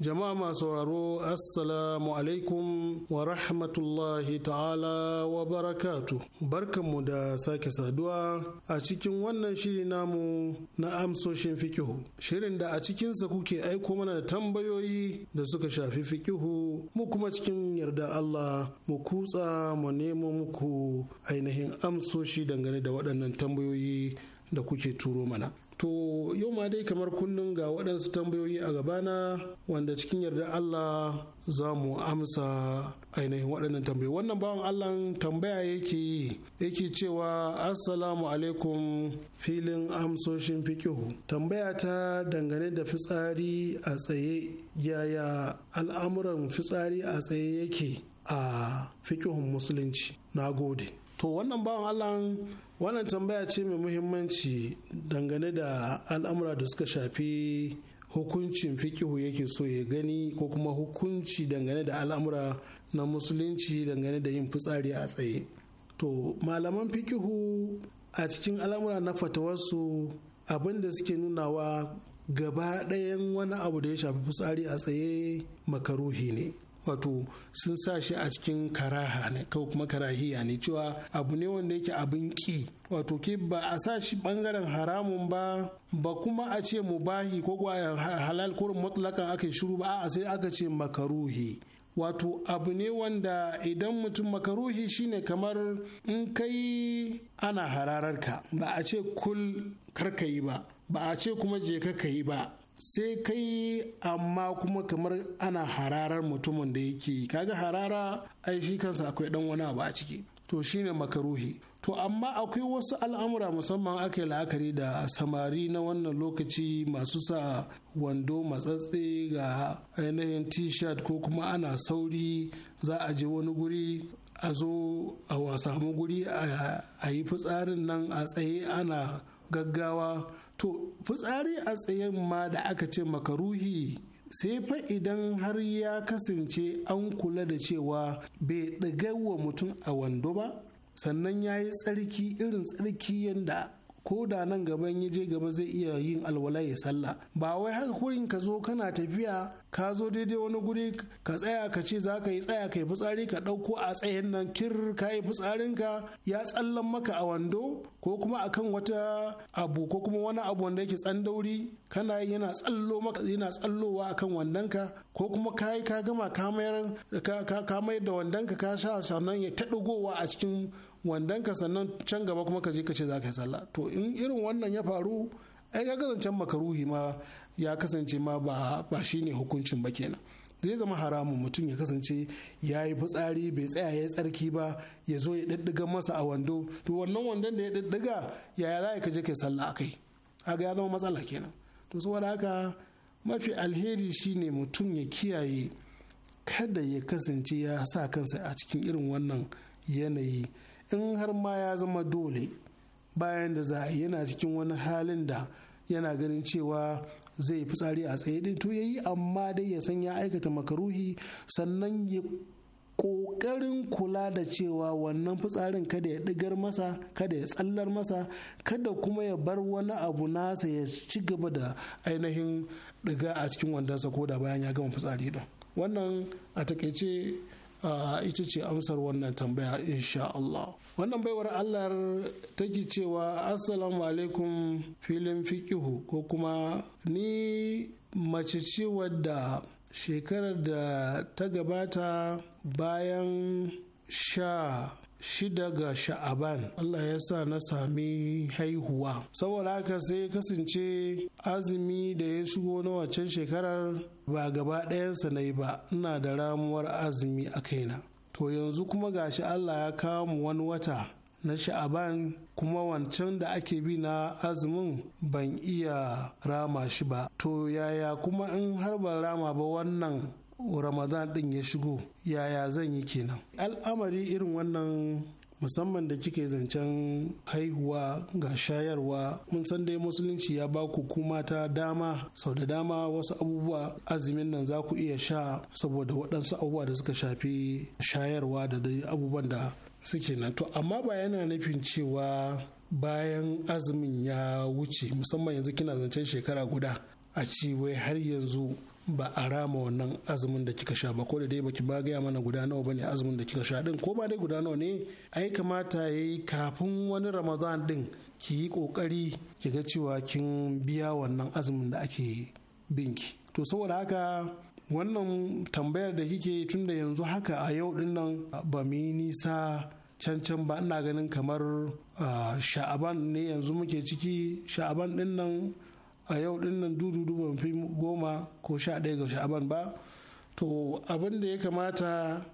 Jama'a masu sauraro Assalamu alaikum wa rahmatullahi ta'ala wa barakatu. Barkanmu da sake saduwa a cikin wannan shiri namu na amsoshin fikihu. Shirin da a cikinsa kuke aiko mana da tambayoyi da suka shafi fikihu mu kuma cikin yarda Allah mu kutsa mu nemo muku ainihin amsoshi dangane da waɗannan tambayoyi da kuke turo mana. To yau ma dai kamar kullum ga waɗansu tambayoyi a gabana wanda cikin yarda Allah za mu amsa ainihin waɗannan tambayoyi. Wannan bawan Allah tambaya yake yi yake cewa Assalamu alaikum filin amsoshin fikihu. Tambaya ta dangane da fitsari a tsaye yaya al'amuran fitsari a tsaye yake a fikihun musulunci. Na gode. to wannan bawan allah wannan tambaya ce mai muhimmanci dangane da al'amura da suka shafi hukuncin fikihu yake so ya gani ko kuma hukunci dangane da al'amura na musulunci dangane da yin fitsari a tsaye to malaman fikihu a cikin al'amura na fatawarsu da suke nunawa gaba ɗayan wani abu da ya shafi fitsari a tsaye makaruhi ne wato sun sa shi a cikin karaha ne ko kuma karahiya ne cewa abu ne wanda yake abin ki wato ke ba a sa shi bangaren haramun ba ba kuma a ce mubahi ko halal ko mutlaka aka shiru ba a sai aka ce makaruhi wato abu ne wanda idan mutum makaruhi shine kamar in kai ana hararar ka ba a ce kul karka yi ba ba a ce kuma je ka yi ba sai kai amma kuma kamar ana hararar mutumin da yake kaga harara ai shi kansa akwai dan wani abu a ciki to shine makaruhi to amma akwai wasu al'amura musamman aka yi la'akari da samari na wannan lokaci masu sa wando matsatse ga ainihin t-shirt ko kuma ana sauri za a je wani guri a zo a samu guri a yi fitsarin nan a tsaye ana gaggawa to fitsari a tsayen ma da aka ce makaruhi sai fa idan har ya kasance an kula da cewa bai wa mutum a wando ba sannan ya yi tsarki irin tsarki yadda ko da nan gaban ya je gaba zai iya yin alwala ya sallah ba wai haka kurin ka zo kana tafiya ka zo daidai wani guri ka tsaya ka ce za ka yi tsaya ka yi fitsari ka ɗauko a tsayin nan kir ka yi fitsarinka ya tsallan maka a wando ko kuma akan wata abu ko kuma wani abu wanda yake tsandauri kana yi yana tsallo maka yana tsallowa akan wandonka ko kuma ka yi ka gama ka mayar da wandonka ka sha sannan ya taɗugowa a cikin wandonka sannan can gaba kuma ka je ka ce za ka yi sallah to in irin wannan ya faru ai ga zancen makaruhi ma ya kasance ma ba shi ne hukuncin ba kenan zai zama haramun mutum ya kasance ya yi fitsari bai tsaya ya tsarki ba ya zo ya daddiga masa a wando to wannan wandon da ya daddiga yaya za ka je kai sallah kai haka ya zama matsala kenan to saboda haka mafi alheri shine mutum ya kiyaye kada ya kasance ya sa kansa a cikin irin wannan yanayi in har ma ya zama dole bayan da za yana cikin wani halin da yana ganin cewa zai fitsari a tsaye din to yayi amma dai ya san ya aikata makaruhi sannan ya ƙoƙarin kula da cewa wannan fitsarin kada ya ɗigar masa kada ya tsallar masa kada kuma ya bar wani abu nasa ya ci gaba da ainihin ɗiga a cikin wandonsa ko da bayan ya gama fitsari ɗin wannan a takaice Ah, ita ce amsar wannan tambaya insha Allah. Wannan baiwar Allah take cewa Assalamu alaikum filin fikihu ko kuma ni mace ce wadda shekarar da ta gabata bayan sha shida ga sha'aban Allah ya sa na sami haihuwa saboda haka sai kasance azumi da ya shigo na waccan shekarar ba gaba ɗayansa na yi ba ina da ramuwar azumi a kaina to yanzu kuma gashi Allah ya kawo mu wani wata na sha'aban kuma wancan da ake bi na azumin ban iya rama shi ba to yaya kuma in har ban rama ba wannan ramadan din ya shigo yaya zan yi kenan al'amari irin wannan musamman da kike zancen haihuwa ga shayarwa mun san dai musulunci ya ba ku kuma ta dama sau da dama wasu abubuwa azumin nan za ku iya sha saboda waɗansu abubuwa da suka shafi shayarwa da dai abubuwan da suke nan to amma ba yana nufin cewa bayan azumin ya wuce musamman yanzu kina zancen shekara guda a ci wai har yanzu ba a rama wannan azumin da kika sha ba ko da dai baki ba gaya mana guda nawa bane azumin da kika sha din ko ba dai guda nawa ne ai kamata yayi kafin wani ramadan din ki yi kokari ki ga cewa kin biya wannan azumin da ake binki to saboda haka wannan tambayar da kike tunda yanzu haka a yau din nan ba mu yi nisa can can ba ina ganin kamar ah, sha'aban ne yanzu muke ciki sha'aban din nan a yau din nan dududu ban fi goma ko sha ɗaya ga sha'aban ba to abin da ya kamata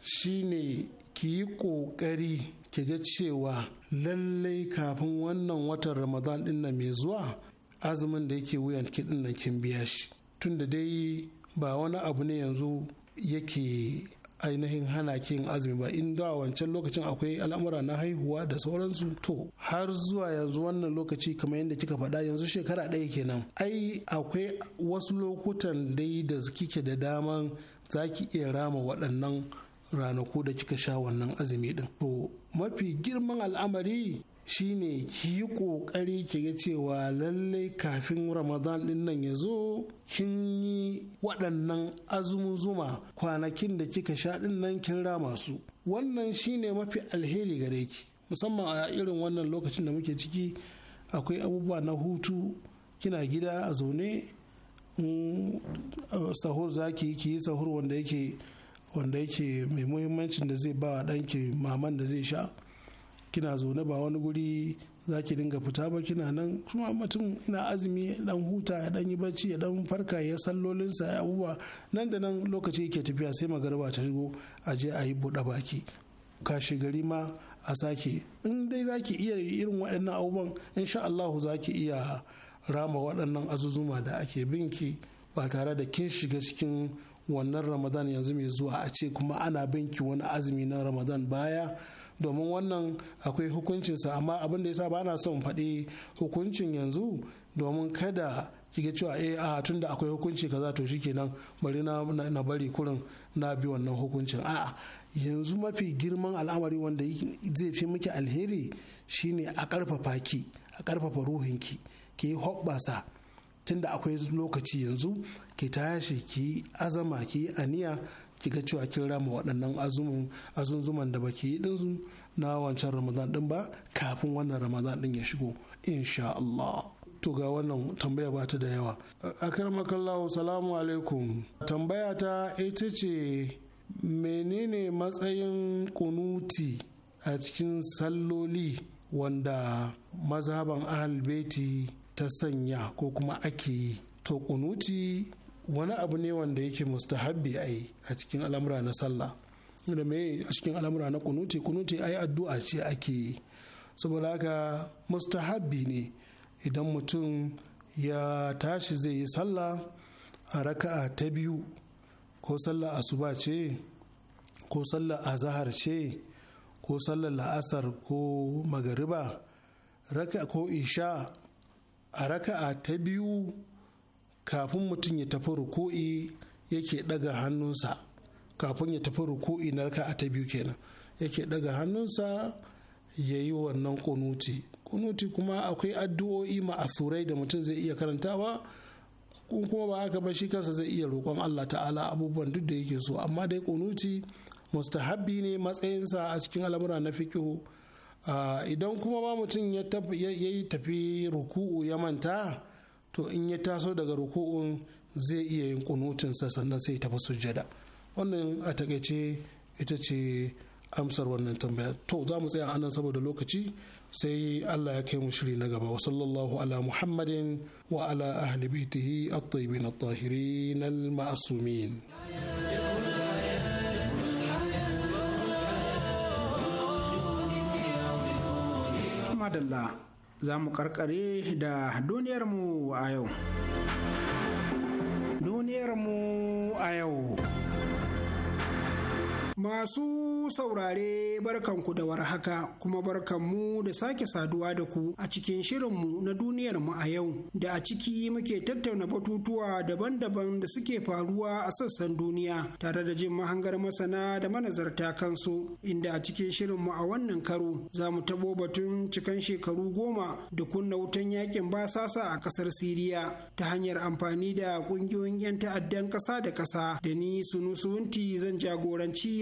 shine ki yi ƙoƙari ki ga cewa lallai kafin wannan watan ramadan din nan mai zuwa azumin da yake wuyan ki din nan kin biya shi tun da dai ba wani abu ne yanzu yake ainihin hana ki yin azumi ba in da wancan lokacin akwai al'amura na haihuwa da sauransu to har zuwa yanzu wannan lokaci kamar yadda kika faɗa yanzu shekara ɗaya kenan ai akwai wasu lokutan dai da kike da dama zaki iya rama waɗannan ranaku da kika sha wannan azumi din to mafi girman al'amari shine ki yi ƙoƙari ki ga cewa lallai kafin ramadan din nan ya zo kin yi waɗannan azumuzuma kwanakin da kika sha din nan kin rama su wannan shine mafi alheri gare ki musamman a irin wannan lokacin da muke ciki akwai abubuwa na hutu kina gida a zaune sahur zaki ki yi sahur wanda yake wanda yake mai muhimmancin da zai ba wa ɗanki maman da zai sha kina zaune ba wani guri za ki dinga fita ba kina nan kuma mutum ina azumi dan huta ya dan yi bacci ya dan farka ya sallolinsa ya abubuwa nan da nan lokaci yake tafiya sai magariba ta shigo a je a yi buɗe baki kashi gari ma a sake in dai za ki iya irin waɗannan abubuwan insha Allahu za ki iya rama waɗannan azuzuma da ake binki ba tare da kin shiga cikin wannan ramadan yanzu mai zuwa a ce kuma ana binki wani azumi na ramadan baya domin wannan akwai hukuncinsa amma abin da yasa ba na son faɗi hukuncin yanzu domin kada ki ga cewa a eh, a tunda akwai hukunci kaza to shikenan bari na bari kurin na bi wannan hukuncin a'a yanzu mafi girman al'amari wanda zai fi miki alheri shine a karfafa ki a karfafa ruhinki ki yi hoɓɓasa tunda akwai lokaci yanzu ki tashi ki azama ki aniya Ki ga cewa kin rama waɗannan azumin azunzuman da baki yi ɗin na wancan ramadan ɗin ba kafin wannan ramadan ɗin ya shigo insha Allah to ga wannan tambaya ba ta da yawa akarmakallahu salamu alaikum tambaya ta ita ce menene matsayin kunuti a cikin salloli wanda mazhaban ahalbeti ta sanya ko kuma ake yi to kunuti wani abu ne wanda yake mustahabbi a yi a cikin al'amura na sallah da me a cikin al'amura na kunuti kunuti ai addu'a ce ake yi saboda haka mustahabbi ne idan mutum ya tashi zai yi sallah a raka'a ta biyu ko sallah asuba ce ko sallah azahar ce ko sallah la'asar ko magariba raka ko isha a raka'a ta biyu kafin mutum ya tafi ruku'i yake daga hannunsa kafin ya tafi ruku'i na raka'a ta biyu kenan yake daga hannunsa ya yi wannan kunuti kunuti kuma akwai addu'o'i ma'asurai da mutum zai iya karantawa kun kuma ba haka ba shi kansa zai iya roƙon Allah ta'ala abubuwan duk da yake so amma dai kunuti mustahabbi ne matsayinsa a cikin al'amura na fiƙo ah, idan kuma ba mutum ya yi tafi ruku'u ya manta to in ya taso daga ruku'un zai iya yin kunutinsa sannan sai tafi sujjada wannan a takaice ita ce amsar wannan tambaya to za mu tsaya anan saboda lokaci sai Allah ya kai mu shiri na gaba wa sallallahu ala muhammadin wa ala ahli baitihi at-tayyibin at-tahirin al-ma'sumin madalla za mu karkare da duniyarmu a yau duniyarmu a yau Masu saurare barkanku da warhaka kuma barkanmu da sake saduwa da ku a cikin shirinmu na duniyar mu a yau da a ciki muke tattauna batutuwa daban-daban da suke faruwa a sassan duniya tare da jin mahangar masana da manazarta kansu inda a cikin shirinmu a wannan karo za mu tabo batun cikan shekaru goma da kunna wutan yakin basasa a kasar Siriya ta hanyar amfani da ƙungiyoyin 'yan ta'addan ƙasa da ƙasa da ni Sunusunti zan jagoranci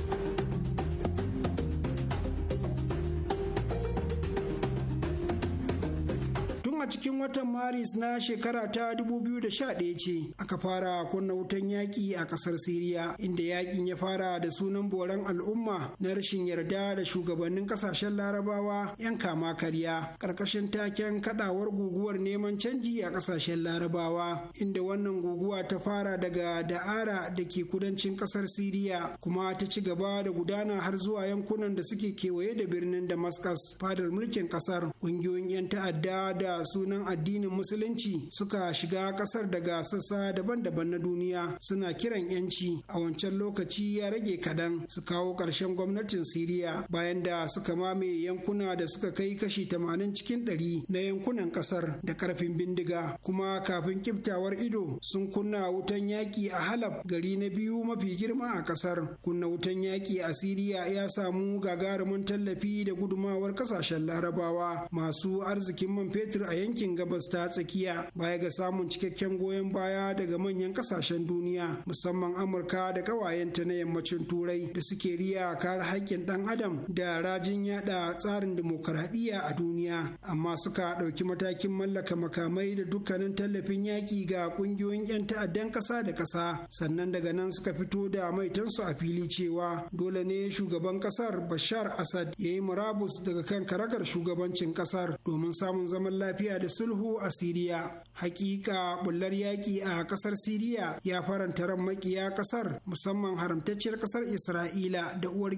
cikin watan maris na shekara ta 2011 ce aka fara kunna wutan yaƙi a ƙasar siriya inda yaƙin ya fara da sunan boran al'umma na rashin yarda da shugabannin ƙasashen larabawa 'yan kama karya ƙarƙashin taken kaɗawar guguwar neman canji a ƙasashen larabawa inda wannan guguwa ta fara daga da'ara da ke kudancin ƙasar siriya kuma ta ci gaba da gudana har zuwa yankunan da suke kewaye da birnin damascus fadar mulkin ƙasar ƙungiyoyin 'yan ta'adda da su sunan addinin musulunci suka shiga kasar daga sassa daban-daban na duniya suna kiran yanci a wancan lokaci ya rage kaɗan su kawo ƙarshen gwamnatin siriya bayan da suka mame yankuna da suka kai kashi tamanin cikin 100 na yankunan kasar da ƙarfin bindiga kuma kafin kiftawar ido sun kunna wutan yaƙi a halab gari na biyu mafi girma a kasar kunna wutan yaƙi a siriya ya samu gagarumin tallafi da gudumawar ƙasashen larabawa masu arzikin man fetur a yankin yankin gabas ta tsakiya baya ga samun cikakken goyon baya daga manyan kasashen duniya musamman amurka da kawayenta na yammacin turai da suke riya kare haƙƙin ɗan adam da rajin yada tsarin dimokuraɗiyya a duniya amma suka ɗauki matakin mallaka makamai da dukkanin tallafin yaƙi ga ƙungiyoyin 'yan ta'addan ƙasa da ƙasa sannan daga nan suka fito da maitansu a fili cewa dole ne shugaban ƙasar bashar asad ya yi murabus daga kan karagar shugabancin ƙasar domin samun zaman lafiya Siriya da sulhu a Siriya. Hakika bullar yaƙi a ƙasar Siriya ya faranta ran makiya ƙasar musamman haramtacciyar ƙasar Isra'ila da uwar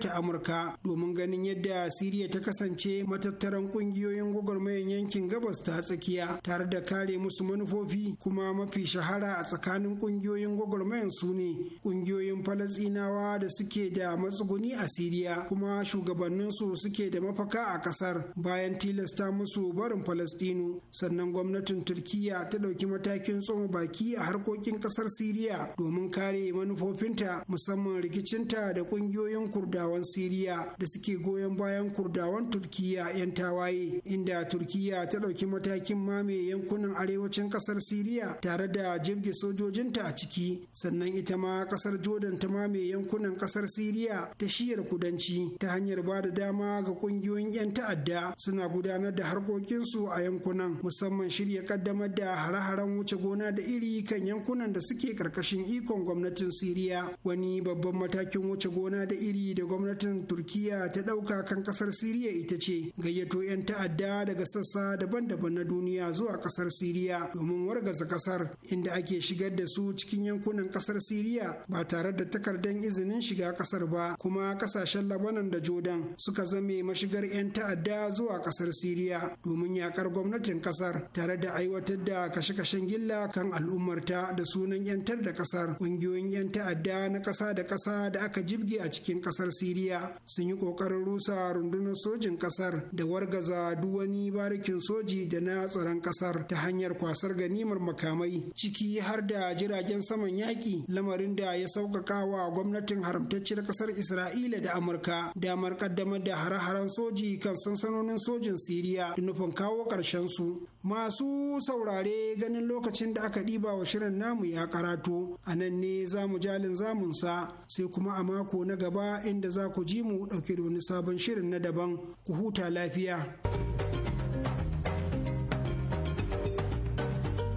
ta Amurka domin ganin yadda Siriya ta kasance matattaran ƙungiyoyin gwagwarmayan yankin gabas ta tsakiya tare da kare musu manufofi kuma mafi shahara a tsakanin ƙungiyoyin gwagwarmayan su ne ƙungiyoyin Falasɗinawa da suke da matsuguni a Siriya kuma shugabanninsu suke da mafaka a ƙasar bayan tilasta musu barin Falasta. Falastinu sannan gwamnatin Turkiyya ta ɗauki matakin tsoma baki a harkokin ƙasar Siriya domin kare manufofinta musamman rikicinta da ƙungiyoyin Kurdawan Siriya da suke goyon bayan Kurdawan Turkiyya 'yan tawaye inda Turkiyya ta ɗauki matakin mame yankunan arewacin ƙasar Siriya tare da jirgin sojojinta a ciki sannan ita ma ƙasar Jordan ta mame yankunan ƙasar Siriya ta shiyar kudanci ta hanyar ba da dama ga ƙungiyoyin 'yan ta'adda suna gudanar da harkokinsu a yankunan musamman shirya kaddamar da hare-haren wuce gona da iri kan yankunan da suke karkashin ikon gwamnatin Siriya wani babban matakin wuce gona da iri da gwamnatin Turkiya ta ɗauka kan ƙasar Siriya ita ce gayyato 'yan ta'adda daga sassa daban-daban na duniya zuwa ƙasar Siriya domin wargaza ƙasar inda ake shigar da su cikin yankunan ƙasar Siriya ba tare da takardar izinin shiga ƙasar ba kuma ƙasashen Labanan da Jordan suka zame mashigar 'yan ta'adda zuwa ƙasar Siriya domin yakar gwamnatin kasar tare da aiwatar da kashe-kashen gilla kan al'ummarta da sunan 'yantar da kasar ƙungiyoyin 'yan ta'adda na ƙasa da ƙasa da aka jibge a cikin ƙasar siriya sun yi ƙoƙarin rusa rundunar sojin ƙasar da wargaza duk wani barikin soji da na tsaron ƙasar ta hanyar kwasar ganimar makamai ciki har da jiragen saman yaƙi lamarin da ya sauƙaƙa wa gwamnatin haramtacciyar ƙasar isra'ila da amurka damar ƙaddamar da hare-haren soji kan sansanonin sojin siriya da nufin kawo ƙarshen su Masu saurare ganin lokacin da aka ɗiba wa shirin namu ya karatu a nan ne za mu jalin zamunsa sai kuma a mako na gaba inda za ku ji mu ɗauke da wani sabon shirin na daban ku huta lafiya.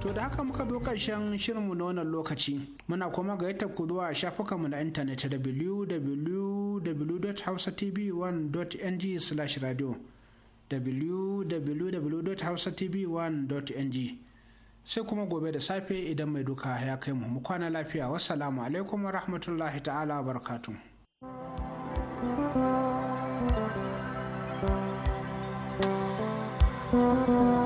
To da haka muka zo ƙarshen shirinmu na wannan lokaci. Muna kuma gayyata ku zuwa shafukanmu na intanet www.hausatv1.ng/radio www.hausatv1.ng sai kuma gobe da safe idan mai duka ya kai mu kwana lafiya wassalamu alaikum wa rahmatullahi ta'ala wa thank you